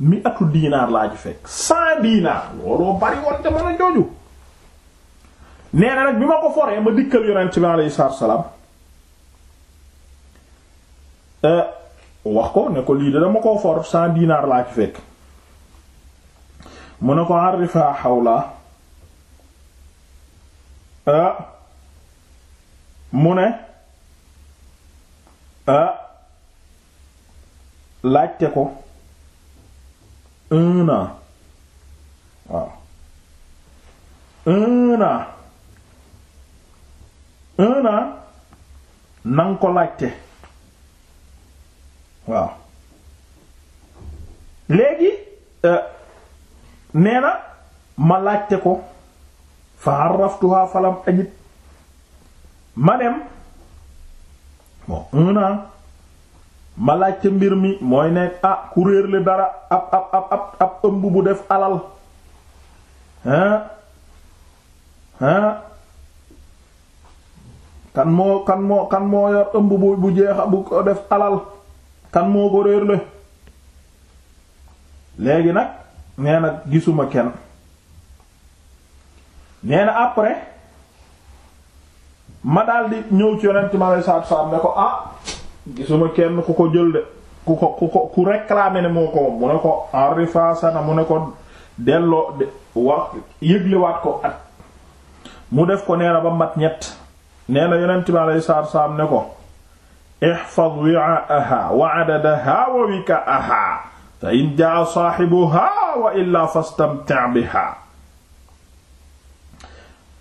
mi atu diinaar laa ci fekk cent diinaar looloo bari woon mën a jooju nee na bi ma ko foree ma dikkal yonent bi alayhi salaam euh, wax ko ne ko lii de dama koo for cent diinaar laa ci fekk mu ne ko xaw la euh, mu ne euh, laajte ko un waaw un an un ko laajte waaw léegi euh, nee ma laajte ko fa arraftuha falam ajid ma dem bon un ma laaj ca mbir mi mooy nekk ah ku réerle dara ab ab ab ab ëmb bu def alal hein hein kan moo kan moo kan moo yor ëmb bu bu jeexa bu ko def alal kan moo ko réerle léegi nag nee na gisuma kenn nee na après ma daldi ñëw ci yonent ma saab saab ne ko ah gisuma kenn ku ko jël de ku ko ku ko ne moo ko mu ne ko enrifasana mu ne ko delloo de wax ko at mu def ko nee ba mat ñett nee na yonent bi alayhi salaatu ne ko ihfaz wi'aaha wa 'adadaha wa wika'aha fa in jaa saahibuha wa illaa fastamti' biha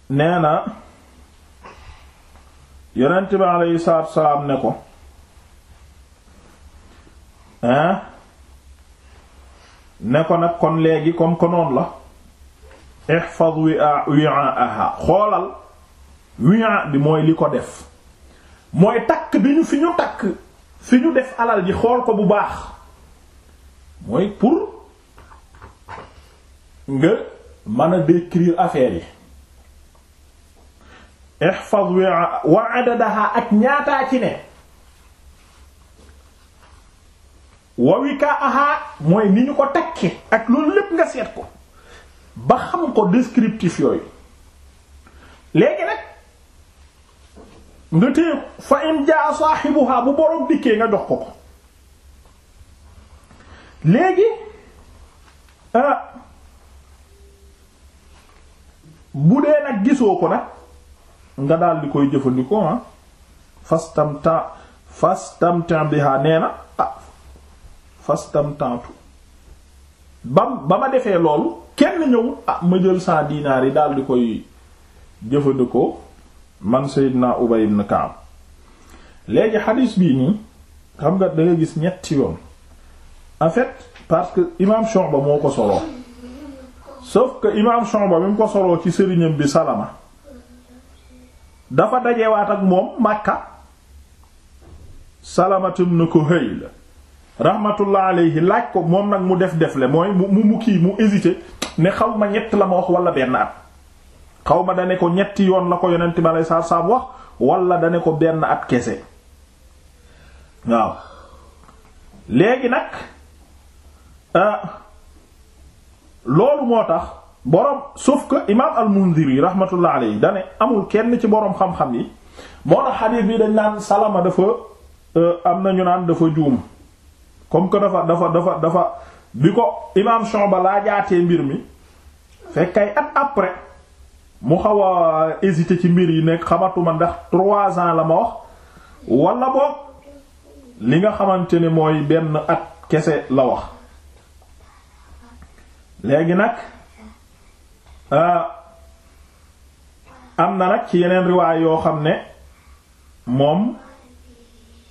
nee na yonent bi alayhi salaatu ne ko ah ne ko nag kon léegi comme ko noonu la ihfaz wi'aaha xoolal wi'a bi mooy li ko def mooy takk bi ñu fi ñu takk fi ñu def alal ji xool ko bu baax mooy pour nga mën a décrire affaire yi ihfaz wi'a wa adadaha ak ñaataa ci ne wawika aha mooy ni ñu ko takkee ak loolu lépp nga seet ko ba xam ko descriptif yooyu léegi nag nga téye fa in jaa saaxibuha bu borom dikkee nga jox ko ko léegi ah, bu dee nag gisoo ko nag nga daal di koy jëfandikoo ah fastamta fastamta biha nee na ah, fastamtantu bam ba ma defee loolu kenn ñëw ah, ma jël cent dinaar yi daal di koy jëfandikoo man Seydina Ubay ibn Ka'b léegi xadiis bii nii xam nga da gis ñetti yoon en fait parce que imaam Shu'ba moo ko solo sauf que imaam Shu'ba mi mu ko soloo ci sëriñam bi Salama dafa dajewaat ak moom Makka Salamatum na ko hëy rahmatullah alayhi laaj ko moom nag mu def defle mooy mu mu kii mu hésité ne xaw ma ñett la ma wax wala benn at xaw ma dane ko ñetti yoon la ko yonent bi alay saab saab wax wala dane ko benn at kese waaw léegi nag euh, loolu moo tax boroom sauf que imaam al-Mundhiri rahmatullah alayhi dane amul kenn ci boroom xam-xam yi moo tax xadiis bi dañ naan salama dafa euh, am nañu ñu naan dafa juum comme que dafa dafa dafa dafa bi ko imaam Shu'ba laa jaatee mbir mi fekk ay at après mu xaw a hésité ci mbir yi nekk xamatuma ndax trois ans la ma wax wala boog li nga xamante ne mooy benn at kese la wax léegi nag euh, am na nag ci yeneen riwaay yoo xam ne moom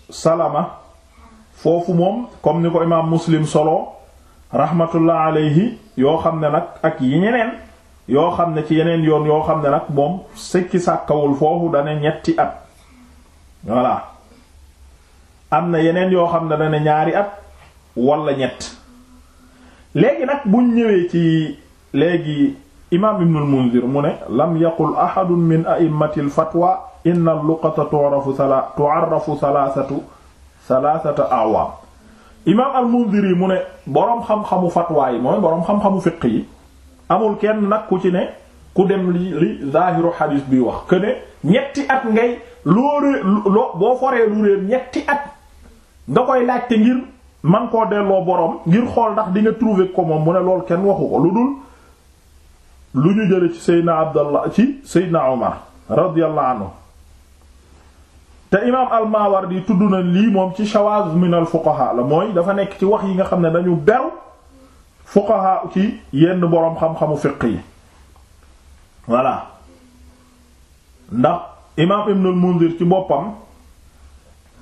salama foofu moom comme ni ko imaam muslim solo rahmatullah alayhi yoo xam ne nag ak yeneen yoo xam ne ci yeneen yoon yoo xam ne nag moom sëkki sàkkawul foofu dane ñetti at voilà am na yeneen yoo xam ne dane ñaari at wala ñett léegi nag buñ ñëwee ci léegi imaam ibn al mu ne lam yaqul ahadun min a'immati al fatwa inna al luqata tu'rafu tu'arrafu thalathatu thalathata awaam imaam al-Mundhiri mu ne boroom xam-xamu fatwa yi mooy boroom xam-xamu fiq yi amul kenn nag ku ci ne ku dem li li zaahiru xadiis bi wax que ne ñetti at ngay loo rée boo foree lu réer ñetti at nga koy laajte ngir man koo delloo boroom ngir xool ndax di nga ko moom mu ne lool kenn waxu ko lu dul lu ñu jële ci Seydina Abdallah ci Seydina Omar radiyallahu anhu te imaam al-Mawardi tudd na lii moom ci shawaz min al-fuqaha la mooy dafa nekk ci wax yi nga xam ne dañu beru fuqaha ci yenn boroom xam-xamu fiq yi voilà ndax imaam Ibn al ci boppam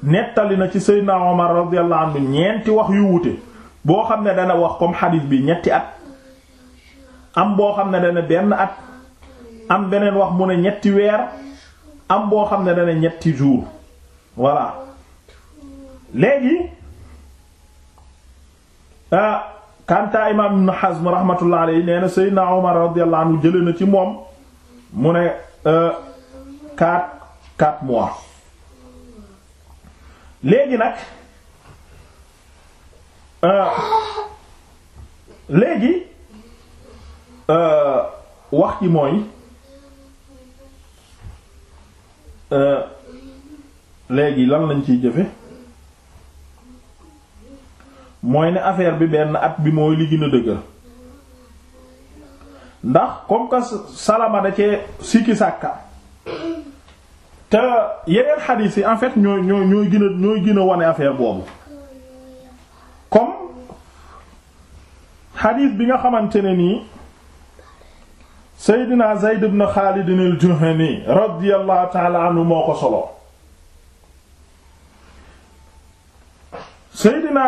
nettali na ci Seydina Omar radiyallahu anhu ñeenti wax yu wute boo xam ne dana wax comme xadiis bi ñetti at am boo xam ne dana benn at am beneen wax mu ne ñetti weer am boo xam ne dana ñetti jour voilà léegi ah kanta imam ibn Hazm rahmatullah alayhi nee na Seydina Omar radiyallahu anhu jële ci moom mu ne euh, quatre quatre mois léegi nag euh, léegi euh, wax ci mooy léegi lan lañ ciy jëfe mooy ne affaire bi benn at bi mooy li gën a dëgër ndax comme que salama da cee sikki sàkka te yeneen xadiis yi en fait ñooy ñooy ñooy ñooy gën a wane boobu comme xadiis bi nga xamante ne nii Seydina na ibn Xaalid al-Juhani radiyallahu moo ko solo Seydina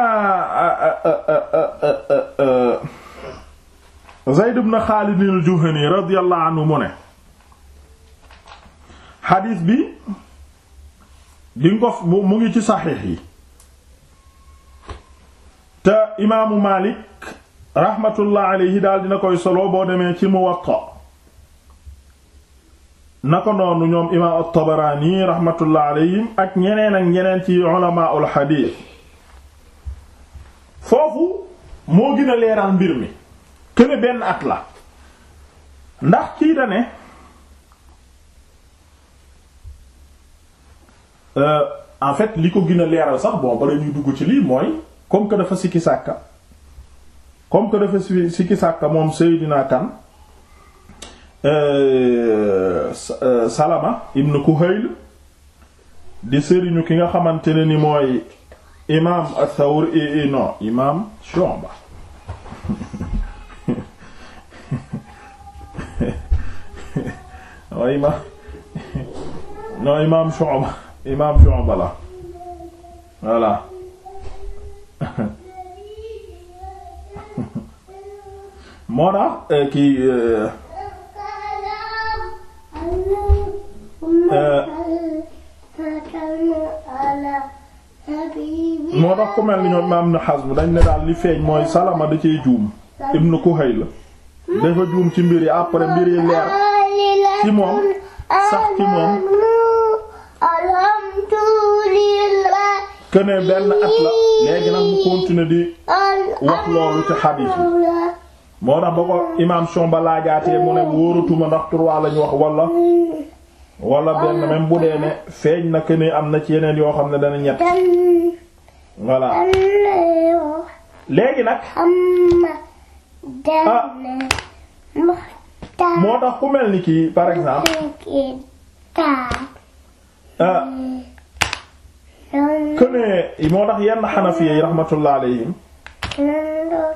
Zayd ibn Xaalid al-Juhani radiyallahu anhu mu bi di ngof mu ngi ci saxiix yi te imaamu Maalik rahmatullah alayhi daal na koy solo boo demee ci Muwatta na ko noonu ñoom imaam at-Tabaraani rahmatullah alayhim ak ñeneen ak ñeneen ci ulamaa'ul xadiis foofu moo gën a leeral mbir mi këne benn at la ndax kii da ne euh, en fait li ko gën a leeral sax bon ba dañuy dugg ci lii mooy comme que dafa sikki sàkka comme que dafa sikki sàkka moom Seydina kan euh, euh, Salama ibn Kuhayl di sëriñu ki nga xamante ne ni mooy imaam ath-Thawri eh, eh, non imaam Shu'ba non imaam non imaam Shu'ba imaam Shu'ba la voilà moo tax ku mel ni Imaam Ibn Hazm dañ ne daal li feeñ mooy Salama da cee juum Ibn Kuhayl la dafa juum ci mbir yi après mbir yi leer ci moom sax ci moom kënee benn at la léegi nag mu continuer di wax loolu ci xadiis bi moo tax ba ko Imaam Shomba laajaatee mu ne wóoratuma ndax trois lañu wax walla wala benn même bu dee ne feeñ na que ne am na ci yeneen yoo xam ne dana ñett voilà léegi nag ah moo tax ku mel ni kii par exemple ah que moo tax yenn xanafi yi rahmatullah alayhim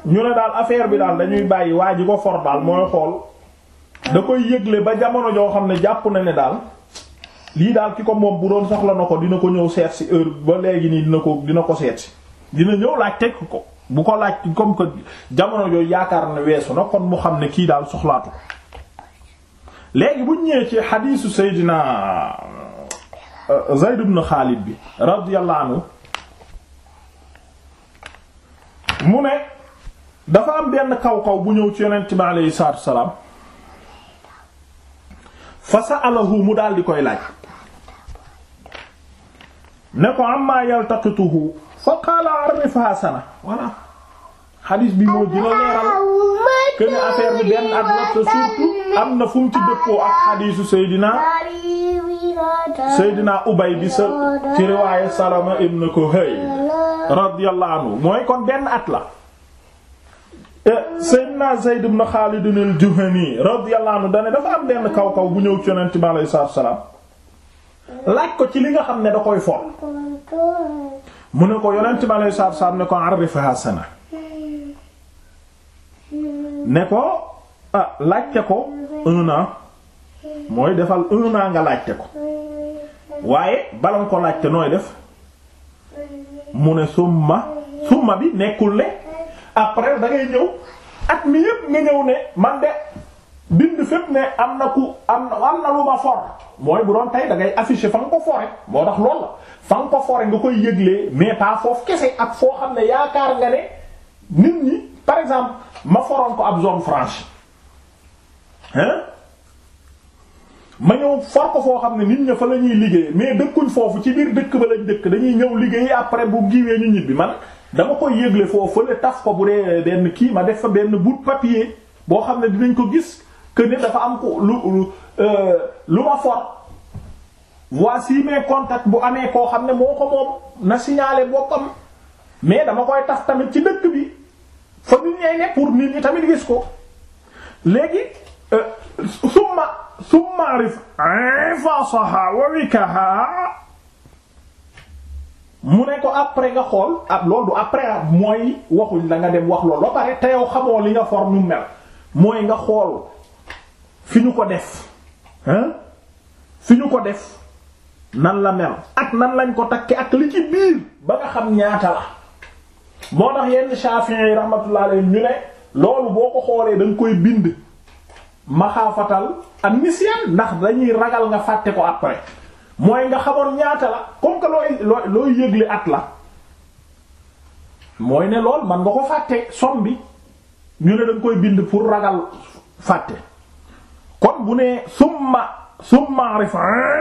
ñu ne daal affaire bi daal dañuy bàyyi waa ji ko for daal mooy xool. da koy yëgle ba jamono joo xam ne jàpp na ne daal lii daal ki ko moom bu doon soxla na ko dina ko ñëw seet si heure ba léegi nii dina ko dina ko seet si dina ñëw laaj teg ko bu ko laaj comme que jamono yooyu yaakaar na weesu na kon mu xam ne kii daal soxlaatu ko léegi bu ñëwee ci xadiisu Seydina Zayd ibn Xaalid bi radiyallahu anhu mu ne dafa am benn kaw kaw bu ñëw ci yonent bi alayhi salaatu wa salaam fa sa'alahu mu daal di koy laaj ne ko amma yaltaqituhu fa qaala arifha sana voilà xadiis bi moo dina leeral kenn affaire bi benn at la surtout am na fum ci dëppoo ak xadiisu Seydina Seydina Ubay bi sa ci riwaaya Salama ibn Kuhay radiyallahu anhu mooy kon benn at la Seydina Zayd ibn Khalid al-Juhani radiyallahu anhu dane dafa am benn kaw kaw bu ñëw ci yonent bi alayhi salaatu salaam laaj ko ci li nga xam ne da koy for mu ne ko yonent bi alayhi salaatu salaam ne ko arifha ko ah laajte ko un mooy defal un an nga laajte ko waaye bala ko laajte nooy def mu ne summa summa bi nekkul le après da ngay ñëw at mi yëpp nga ñëw ne man de bind fépp ne am na ku am na am na lu ma for mooy bu doon tey da ngay fa nga ko fore moo tax loolu la fa nga ko fore nga koy yëglee mais pas foofu kese ak foo xam ne yaakaar nga ne nit ñi par exemple ma foroon ko ab zone franche hein ma ñëw for ko foo xam ne nit ña fa la ñuy liggéey mais dëkkuñ foofu ci biir dëkk ba lañ dëkk dañuy ñëw liggéey après bu giwee ñu ñibbi man dama koy yëgle foofu fële taf ko bu dee benn kii ma def fa benn bout papier boo xam ne dinañ ko gis que dafa am ko lu euh, lu ma for voici mes contacts bu amee koo xam ne moo ko moom na signaler boppam mais dama koy taf tamit ci dëkk bi fa nit pour nit ñi tamit gis ko léegi euh, summa summa rif fa saha wa wikaha mu ne ko après nga xool ak ah, loolu du après mooy waxuñ la nga dem wax loolu ba pare te yow xamoo li nga for nu mel mooy nga xool fi ñu ko def hein fi ñu ko def nan la mel ak nan lañ ko takke ak li ci biir ba nga xam ñaata la moo tax yenn Shafi'i yi rahmatullah alayhi ñu ne loolu boo ko xoolee da koy bind maxaafatal ak nisyan ndax dañuy ragal nga fàtte ko après mooy nga xamoon ñaata la comme que looy looy yëgle at la mooy ne lool man nga ko fàtte somme bi ñu ne danga koy bind pour ragal fàtte kon bu ne summa summa arif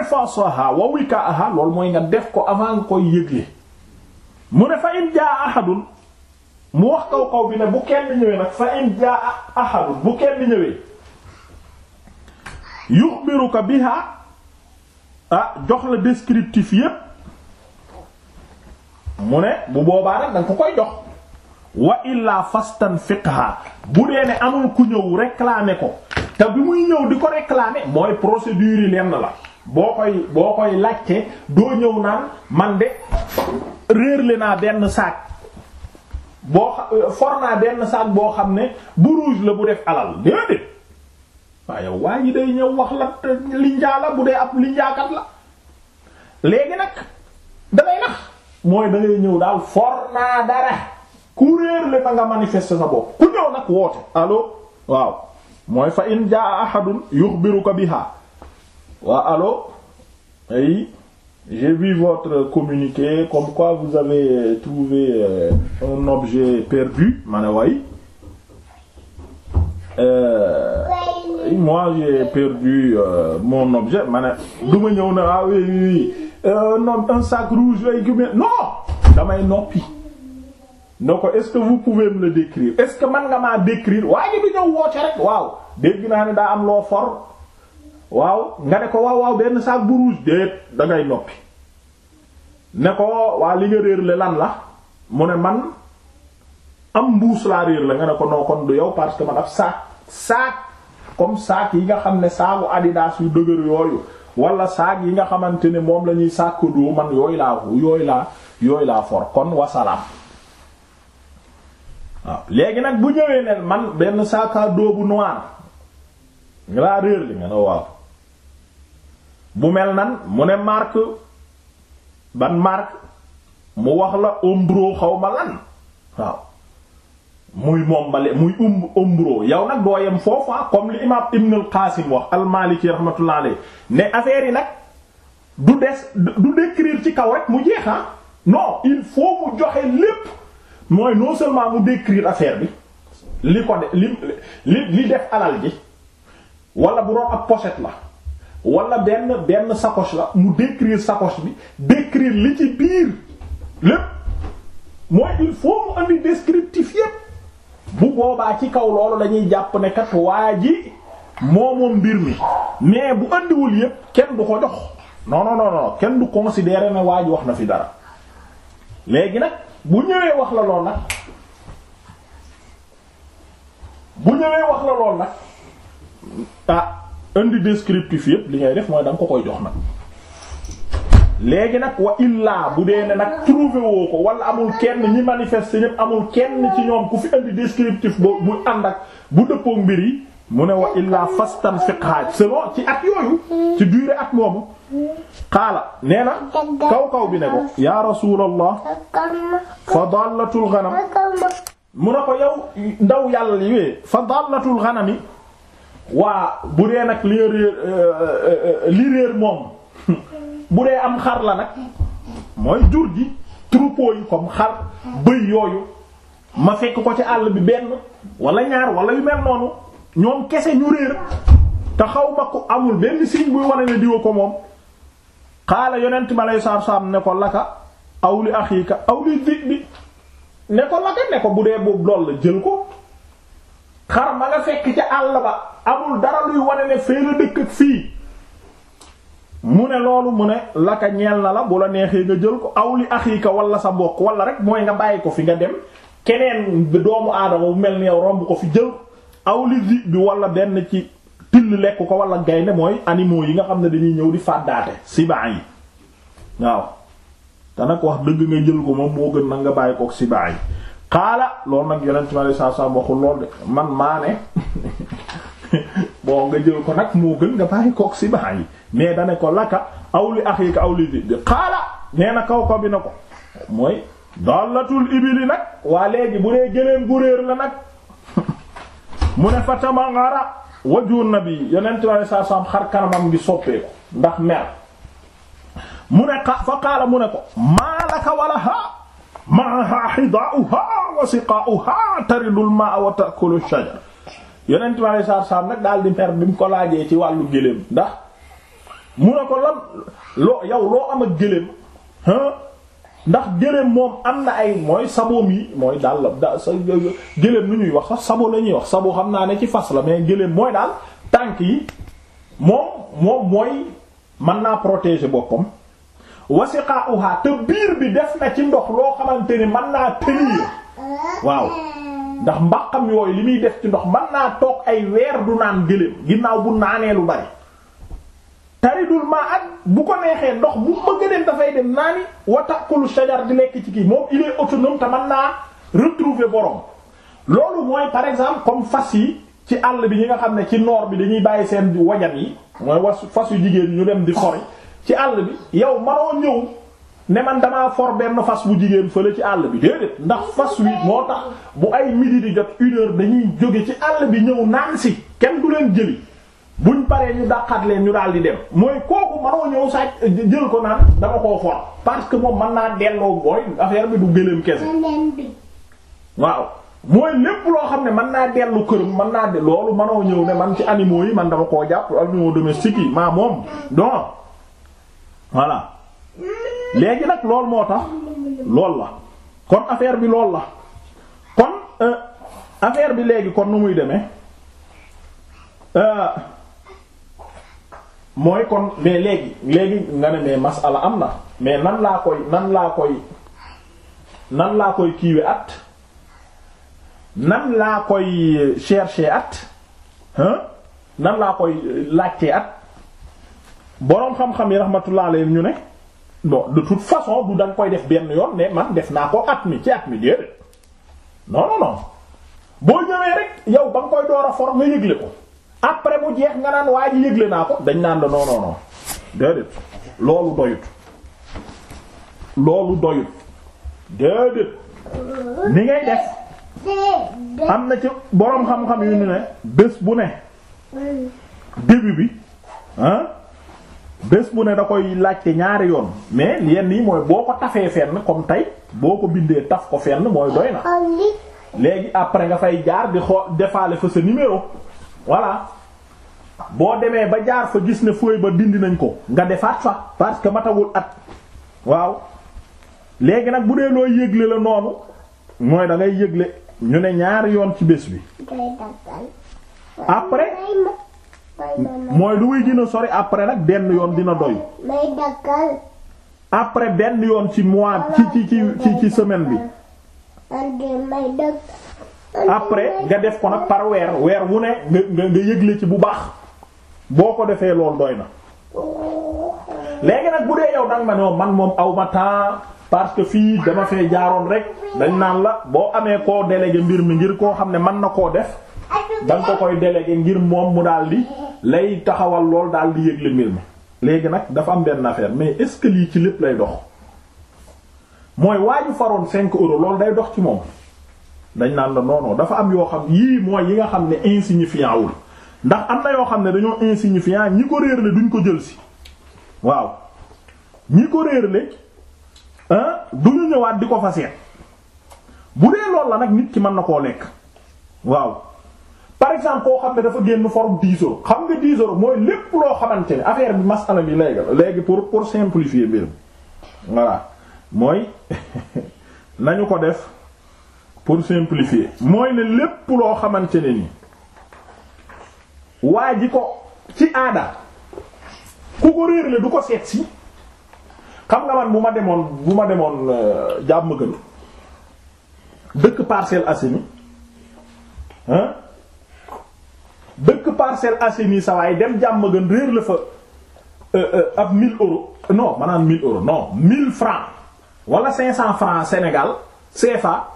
fasaha wa wikaaha lool mooy nga def ko avant nga koy yëgle mu ne fa in jaa ahadun mu wax kaw kaw bi ne bu kenn ñëwee nag fa in jaa ahadun bu kenn ñëwee yuxbiruka biha ah jox la descriptif yépp mu ne bu boobaa nag danga koy jox wa illaa fastanfiqha bu dee ne amul ku ñëw réclamer ko te bi muy ñëw di ko réclamer mooy procédure yi lenn la boo koy boo koy laajte doo ñëw naan man de réerle naa benn saak boo euh, for naa benn saak boo xam ne bu rouge la bu def alal déedéet waaw yow waa ji day ñëw wax la li la bu dee ab li njaakat la léegi nag dalay nax mooy da ñëw daal for naa dara ku réer le na sa bopp ku ñëw nag woote allo waaw mooy fa in jaa ahadun yukhbiruka biha waa allo ay j'ai vu votre communiqué comme quoi vous avez trouvé euh, un objet perdu ma moi j'ai perdu euh, mon objet ma ne du ma ñëw na ah oui oui non euh, un sac rouge ay gume non damay noppi ne ko est-ce que est man nga maa décrire waa ji du ñëw woote rek waaw dégg naa ne daa am loo for waaw nga ne ko waaw waaw benn sac bu rouge déet da noppi ne ko waa li nga réer le lan la mu ne man am mbuus laa réer la nga ne ko noo kon du yow parce que man ab sac sac comme saak yi nga xam ne saaku adidas yu dëgër yooyu wala saak yi nga xamante ne moom lañuy ñuy sàkkadoo man yooyu laa yooyu laa yooyu laa for kon wasalaam waaw léegi nag bu ñëwee ne man benn saaka doobu noir nga laa réer li nga ne waaw bu mel nan mu ne marque ban marque mu wax la ombro xaw ma lan waaw muy mombale muy um umbro yow nag doo yem comme li imam Ibn al-Qasim wax al-Maliki ne affaire yi nag du des du décrire ci kaw rek mu jeex ah non il faut mu joxe lépp mooy non seulement mu décrire affaire bi li ko de li li li def alal ji wala bu doon ab pochette la wala benn benn sacoche la mu décrire sacoche bi décrire li ci biir lépp mooy il faut mu andi descriptif boobaa ci kaw loolu dañuy jàpp ne kat waa ji moo moom mbir mi mais bu andiwul yépp kenn du ko jox non non non kenn du considérer ne waa ji wax na fi dara léegi nag bu ñëwee wax la lool nag bu ñëwee wax la lool nag ah indi descriptif yépp li ngay def mooy da ko koy jox nag. léegi nag wa illaa bu dee ne nag trouvé woo ko wala amul kenn ñi manifester ñëpp amul kenn ci ñoom ku fi indi descriptif boobu muy ànd bu dëppook mbir yi mu ne wa illaa fastan selon ci at yooyu ci durée ak moomu qaala nee na kaw kaw bi ne ko ya rasulallah fa dallatul ghanam mu ne ko yow ndaw yàlla li wee fa dallatul ghanami waa bu dee nag li réer euh, euh, euh, li moom bu dee am xar la nag mooy jur gi troupeau yi comme xar bëy yooyu ma fekk ko ci àll bi benn wala ñaar walla yu mel noonu ñoom kese ñu réer te xaw ma ko amul benn signe buy wane ne diwa ko moom xaala yonent ma lay saab-saab ne ko laka aw li axiika aw li dig bi ne ko laka ne ko bu dee boobu loolu la jël ko xar ma nga fekk ci àll ba amul dara luy wane ne fee la dëkk ak fii mu ne loolu mu ne la ka ñeel na la bu la neexee nga jël ko aw li axiika wala sa mbokk wala rek mooy nga bàyyi ko fi nga dem keneen doomu aadama bu mel ni yow romb ko fi jël aw li zi bi wala benn ci till lekk ko wala gaynde mooy animaux yi nga xam ne dañuy ñëw di fàddaate sibaa yi waaw te nag wax dëgg nga jël ko moom moo gën nag nga bàyyi kook sibaa yi xaala loolu nag yonent mi sallallahu alayhi wasallam waxul lool de man maa bon nga jël ko nag moo gën nga bàyyi kook si baa yi bi na ko mooy dallatul nag waa léegi bu dee la nag mu ne fatama ngara wajur na bi yonent bi saa saam xar kanamam mu ne fa qaala mu ne ko maalaka wala ha maaha xidaa'uha wa siqaa'uha taridul maa'a wa ta'kulu shajar yonent bi aleyhi salaatu salaam nag daal di mer bi mu ko laajee ci wàllu géléem ndax mu ne ko la loo yow loo am ak géléem ndax géléem moom am na ay mooy saboom yi mooy daal la da sa géléem nu ñuy wax sax sabo la ñuy wax saboo xam naa ne ci fas la mais géléem mooy daal tànk yi moom moom mooy mën naa protégé boppam wasiqa'uha te biir bi def na ci ndox loo xamante ni man naa tenir waaw ndax mbaqam yooyu li muy def ci ndox man naa toog ay weer du naan gëléem ginnaaw bu naanee lu bari taridul ma ak bu ko neexee ndox bu bëgg dem dafay dem naani wa takulu shajar di lekk ci kii moom il est autonome te mën naa retrouver borom loolu mooy par exemple comme fas yi ci àll bi ñi nga xam ne ci noor bi dañuy bàyyi seen wajan yi mooy was fas yu jigéen ñu dem di xori ci àll bi yow manoo ñëw ne man damaa for benn fas bu jigéen fële ci àll bi déedéet ndax fas wi moo tax bu ay midi di jot une dañuy jóge ci àll bi ñëw naan si kenn du leen jëli buñ paree ñu dàqaat leen ñu daal di dem mooy kooku manoo ñëw sàcc jël ko naan dama koo for parce que moom man naa delloo booy affaire bi du gëléem kese waaw mooy lépp loo xam ne man naa dellu këram man naa de loolu manoo ñëw ne man ci animaux yi man dama koo jàpp animaux domestiques yi maa moom donc léegi nag lool moo tax lool la kon affaire bi lool la kon euh, affaire bi léegi kon nu muy demee euh, mooy kon mais léegi léegi nga ne mais masala am na mais nan laa koy nan laa koy nan laa koy kiiwe at nan laa koy euh, chercher at hein nan laa koy laajte at boroom xam-xam yi rahmatullah alayhi ñu ne bon de toute façon du da koy def benn yoon ne man def naa ko at mi ci at mi déedéet non non non boo ñëwee rek yow ba nga koy door a for nga yëgle ko après mu jeex nga naan waa ji yëgle naa ko dañ naan la non non non loolu doyut loolu doyut déedéet ni ngay def am na ci boroom xam-xam yu ñu ne bés bu ne mm. début bi ah bés bu ne da koy laajte ñaari yoon mais yenn yi mooy boo ko tafee fenn comme tey boo ko bindee taf ko fenn mooy doy na léegi après nga fay jaar di xoo defaale fa sa numéro voilà boo demee ba jaar fa gis ne fooy ba dindi nañ ko nga defaat fa parce que matawul at waaw léegi nag bu dee loo yëgle la noonu mooy da ngay yëgle ñu ne ñaari yoon ci bés bi après mooy lu muy gën sori après nag benn yoon dina doy. après benn yoon ci mois ci ci ci ci semaine bi. après nga def ko nag par weer weer wu ne nga nga yëgle ci bu baax boo ko defee lool doy na. léegi nag bu dee yow danga ma man moom aw ma temps parce que fii dama fee jaaroon rek dañ naan la boo amee koo délégué mbir mi ngir koo xam ne mën na koo def. da nga ko koy délégué ngir moom mu daal di lay taxawal lool daal di yëgle mbir ma léegi nag dafa am benn affaire mais est-ce que lii ci lépp lay dox mooy waaju faroon cinq euro lool day dox ci moom dañ naan la non dafa am yoo xam ne yii mooy yi nga xam ne insignifiant wul ndax am na yoo xam ne dañoo insignifiant ñi ko réerle duñu ko jël si waaw ñi ko réerle ah duñu ñëwaat di ko faseet bu dee loolu la nag nit ki mën na koo nekk waaw exemple koo xam ne dafa génn forme diisoro xam nga diisoro mooy lépp loo xamante ne affaire bi masala bi léegi la léegi pour pour simplifier mbir voilà mooy nañu ko def pour simplifier mooy ne lépp loo xamante ne ni waa ji ko ci aada ku ko réer du ko seet si xam nga man bu ma demoon bu ma demoon euh, jàmm gën dëkk Parcelles Assainies hein dëkk Parcelles Assainies sa dem jàmm gën réer la fa euh, euh, ab 1000 euros non maanaam 1000 euros non 1000 francs wala 500 francs Sénégal CFA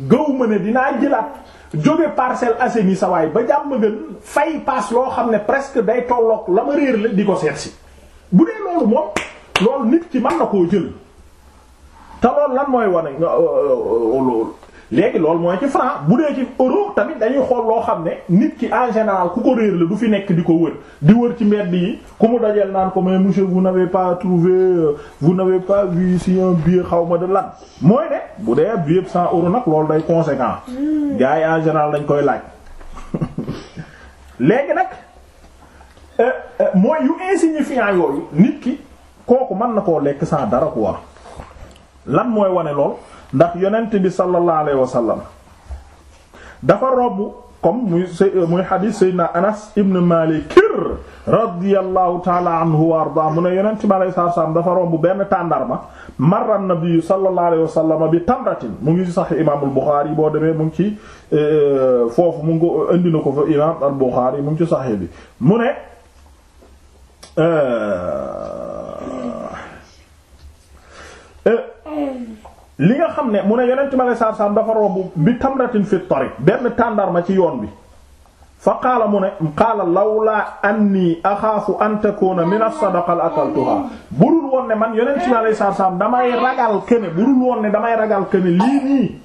gaw ma ne dinaa jëlaat jóge Parcelles Assainies sa ba jàmm gën fay paas loo xam ne presque day tolloog la ma réer la di ko seet si bu dee loolu moom loolu nit ki mën na koo jël te lool lan mooy wane euh, loolu. léegi loolu mooy ci franc bu dee ci euro tamit dañuy xool loo xam ne nit ki en général ku ko réer la du fi nekk di ko wër di wër ci mbedd yi ku mu dajal naan ko mais monsieur vous n'avez pas trouvé euh, vous n'avez pas vu ici un billet xaw ma de lan mooy ne bu dee yëpp cent euros nag loolu day conséquent hmm. gars en général dañ koy laaj léegi nag euh, euh, mooy yu insignifiant yooyu nit ki kooku mën na koo lekk sans dara quoi lan mooy wane lool. ndax yonent bi sallallahu alayhi wa sallam dafa robb comme muy euh, muy xadiis Seydina Anas ibn Malik radiyallahu taala anhu wa ardaa mu ne yonent bi alayhi salaatu wa salaam dafa romb benn tàndarma marra nabi sallallahu alayhi wa sallam bi tamratin mu ngi ci Sahih imaam al-Bukhari boo demee mu ngi ci euh, foofu mu ngi ko indi na ko fa imaam al-Bukhari mu ngi ci Sahih bi mu ne euh, euh li nga xam ne mu ne yonent ma lay saar dafa romb bi tamratin fi tariq benn tàndarma ci yoon bi fa qaala mu ne qaala lawlaa anni axaafu an takuuna min as-sadaqa akaltuha budul woon ne man yonent ma lay saar damay ragal kene budul woon ne damay ragal kene lii nii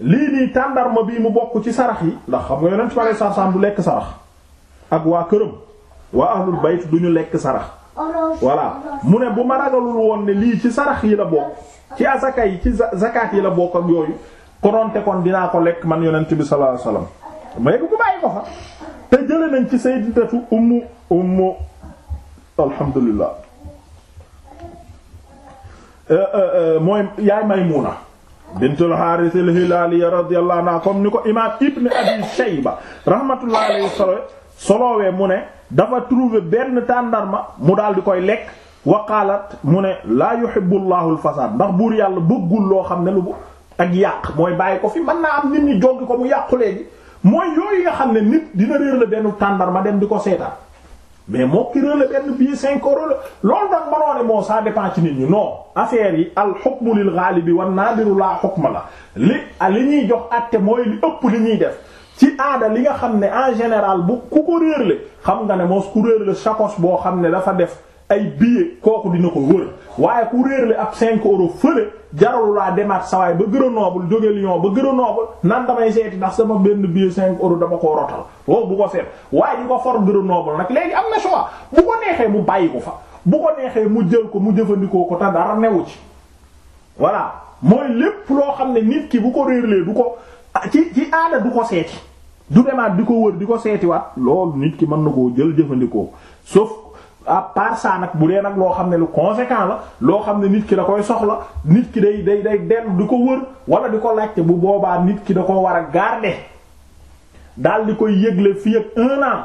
lii nii tàndarma bii mu bokk ci sarax yi ndax xam nga yonent ma lay saar du lekk sarax ak waa këram waa ahlul bayt duñu lekk sarax voilà mu ne bu ma ragalul woon ne lii ci sa yi la ci asaka yi ci zakat yi la bokk ak yooyu konoonte kon dinaa ko lekk man yonent bi sallallahu alayhi wasallam léegi bu bàyyi ko fa te jële nañ ci sayyidatu ummu ummu alhamdulillah euh, euh, euh, mooy yaay Maymuna bintul Haaris al-Hilaaliya radiyallahu anha comme ni ko imaam Ibn Abi Shayba rahmatullahi solo solowee mu ne dafa trouver benn tàndarma mu daal di koy lekk waqaalat mu ne laa yuhibbu llahu al-fasaad ndax buur yàlla bëggul loo xam ne lu ak yàq mooy bàyyi ko fi mën naa am nit ñi joggi ko mu yàqu léegi mooy yooyu nga xam ne nit dina réer la benn tàndar ma dem di ko seetaan mais moo ki réer la benn billet cinq euros la loolu nag mënoo ne moo ça dépend ci nit ñi non affaire yi al-hukmu lil-ghaalibi wan-naadiru laa hukma la li li ñuy jox àtte mooy li ëpp li ñuy def ci aada li nga xam ne en général bu ku ko réerle xam nga ne moos ku réerle chacos boo xam ne dafa def ay billet kooku dina ko wër waaye ku réerle ab 5 euros fële jarul laa demaat sawaay ba Grenoble jóge Lyon ba Grenoble nan damay seeti ndax sama benn billet cinq euros dama koo rotal loolu bu ko seet waaye ñu ko for Grenoble nag léegi am na choix bu ko neexee mu bàyyi ko fa bu ko neexee mu jël ko mu jëfandikoo ko te newu ci voilà mooy lépp loo xam ne nit ki bu ko réerlee du ko ah, ci ci aada du ko seeti du demaat di ko wër di ko seetiwaat loolu nit ki mën na koo jël jëfandikoo à part ça nag bu dee nag loo xam ne lu conséquent la loo xam ne nit ki da koy soxla nit ki day day day dellu di ko wër wala di ko laajte bu boobaa nit ki da koo war a garder daal di koy yëgle fii ak un an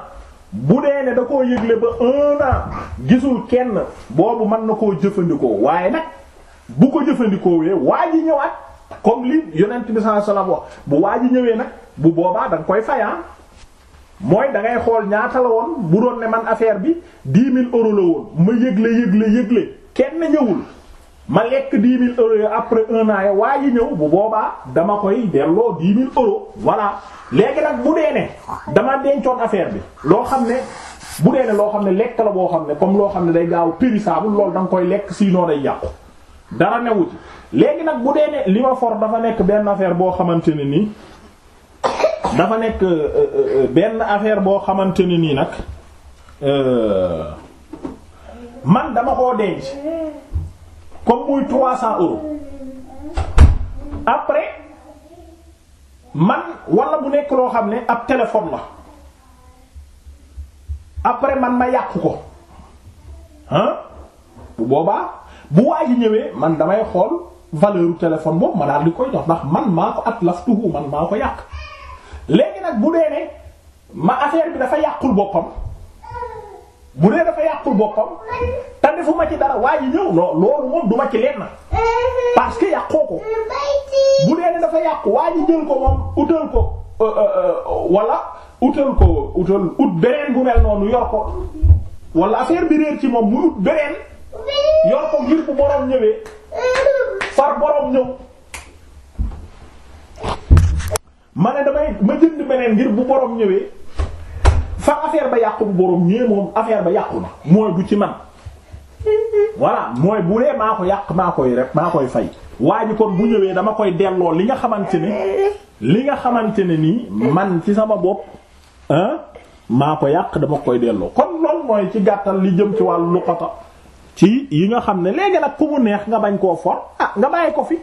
bu dee ne da koo yëgle ba un an gisul kenn boobu mën na koo jëfandikoo waaye nag bu ko jëfandikoo yee waa ji ñëwaat comme li yonent bi sallallahu alayhi wasallam wax bu waa ji ñëwee nag bu boobaa da koy fayaan. Ah. mooy da ngay xool ñaata la woon bu doon ne man affaire bi dix mille euros la woon ma yëgle yëgle yëgle kenn ñëwul ma lekk dix mille euros après un an ya waa ji ñëw bu boobaa dama koy delloo dix mille euros voilà léegi nag bu dee ne dama dencoon affaire bi loo xam ne bu dee ne loo xam ne lekk la boo xam ne comme loo xam ne day gaaw périssable loolu da danga koy lekk sinon day yàqu dara newu ci léegi nag bu dee ne li ma for dafa nekk benn affaire boo xamante ne nii. dafa nekk euh, euh, euh, benn affaire boo xamante ne nii nag man dama koo denc comme muy trois cents euros après man wala bu nekk loo xam ne ab téléphone la après man ma yàqu ko ah boobaa bu waa ñëwee man damay xool valeur téléphone boobu ma daal di koy jox ndax man maa ko at laftuhu man maa ko yàq léegi nag bu dee ne ma affaire bi dafa yàqul boppam bu dee dafa yàqul boppam te defuma ci dara waaye ñëw non loolu moom duma ci leen na parce que yàqoo ko bu dee ne dafa yàqu waaye jël ko moom utal ko euh, euh, euh, wala utal ko utal ut beneen bu mel noonu yor ko wala affaire bi réer ci moom mu ut beneen yor ko ngir bu borom ñëwee far borom ñëw. ma ne damay ma jënd beneen ngir bu boroom ñëwee fa affaire ba yàqu bu borom ñëwee moom affaire ba yàqu na mooy bu ci man voilà mooy bu dee maa ko yàq maa koy rek maa koy fay waa ji kon bu ñëwee dama koy delloo li nga xamante ne li nga xamante ne nii man ci sama bopp maa ko yàq dama koy delloo kon loolu mooy ci gàttal li jëm ci wàllu luqata ci yi nga xam ne léegi nag ku mu neex nga bañ koo for ah nga bàyyi ko fi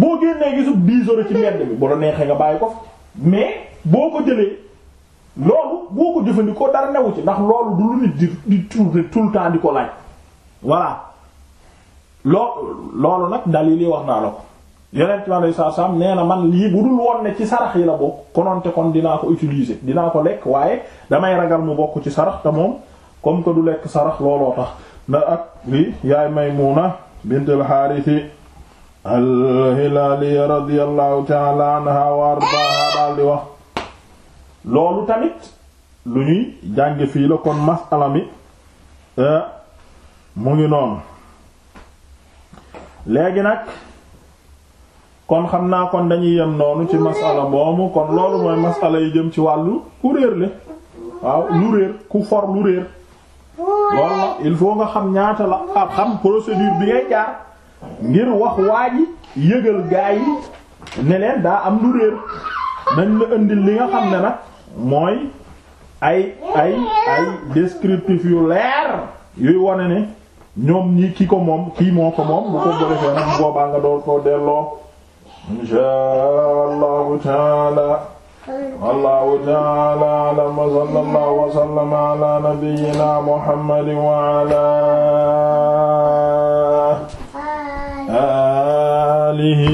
boo génnee gisub 10 euros ci medd bi bu la neexee nga bàyyi ko mais boo ko jëlee loolu boo ko jëfandikoo dara newu ci ndax loolu du lu nit di di tout le temps di ko laaj voilà loo loolu nag dalil yi wax naa la ko yeneen ci wàllu saasam nee na man lii bu dul woon ne ci sarax yi la bokk kononte kon dinaa ko utiliser dinaa ko lekk waaye damay ragal mu bokk ci sarax te moom comme que du lekk sarax looloo tax na ak lii yaay Maymuna bint al-Harith al-Hilaali radiyallahu ta'ala anha wa ardaaha daal wax loolu tamit lu ñuy jànge fii la kon masala mi eh, mu ngi noonu léegi nag kon xam naa kon dañuy yem noonu ci masala moomu kon loolu mooy masala yi jëm ci wàllu ku réer le waaw lu réer ku for lu réer loolu la il faut nga xam ñaata la xam procédure bi ngay jaar ngir wax waa ji yëgal gaa yi ne daa am lu réer nañ la indil li nga xam ne nag mooy ay ay ay descriptif yu leer yuy wane ne ñoom ñi ki ko moom kii moo ko moom bu ko defee nag boobaa nga doon koo delloo inshaa allahu taala wallahu taala alam wa wa sallama ala nabiyyina muhammadin wa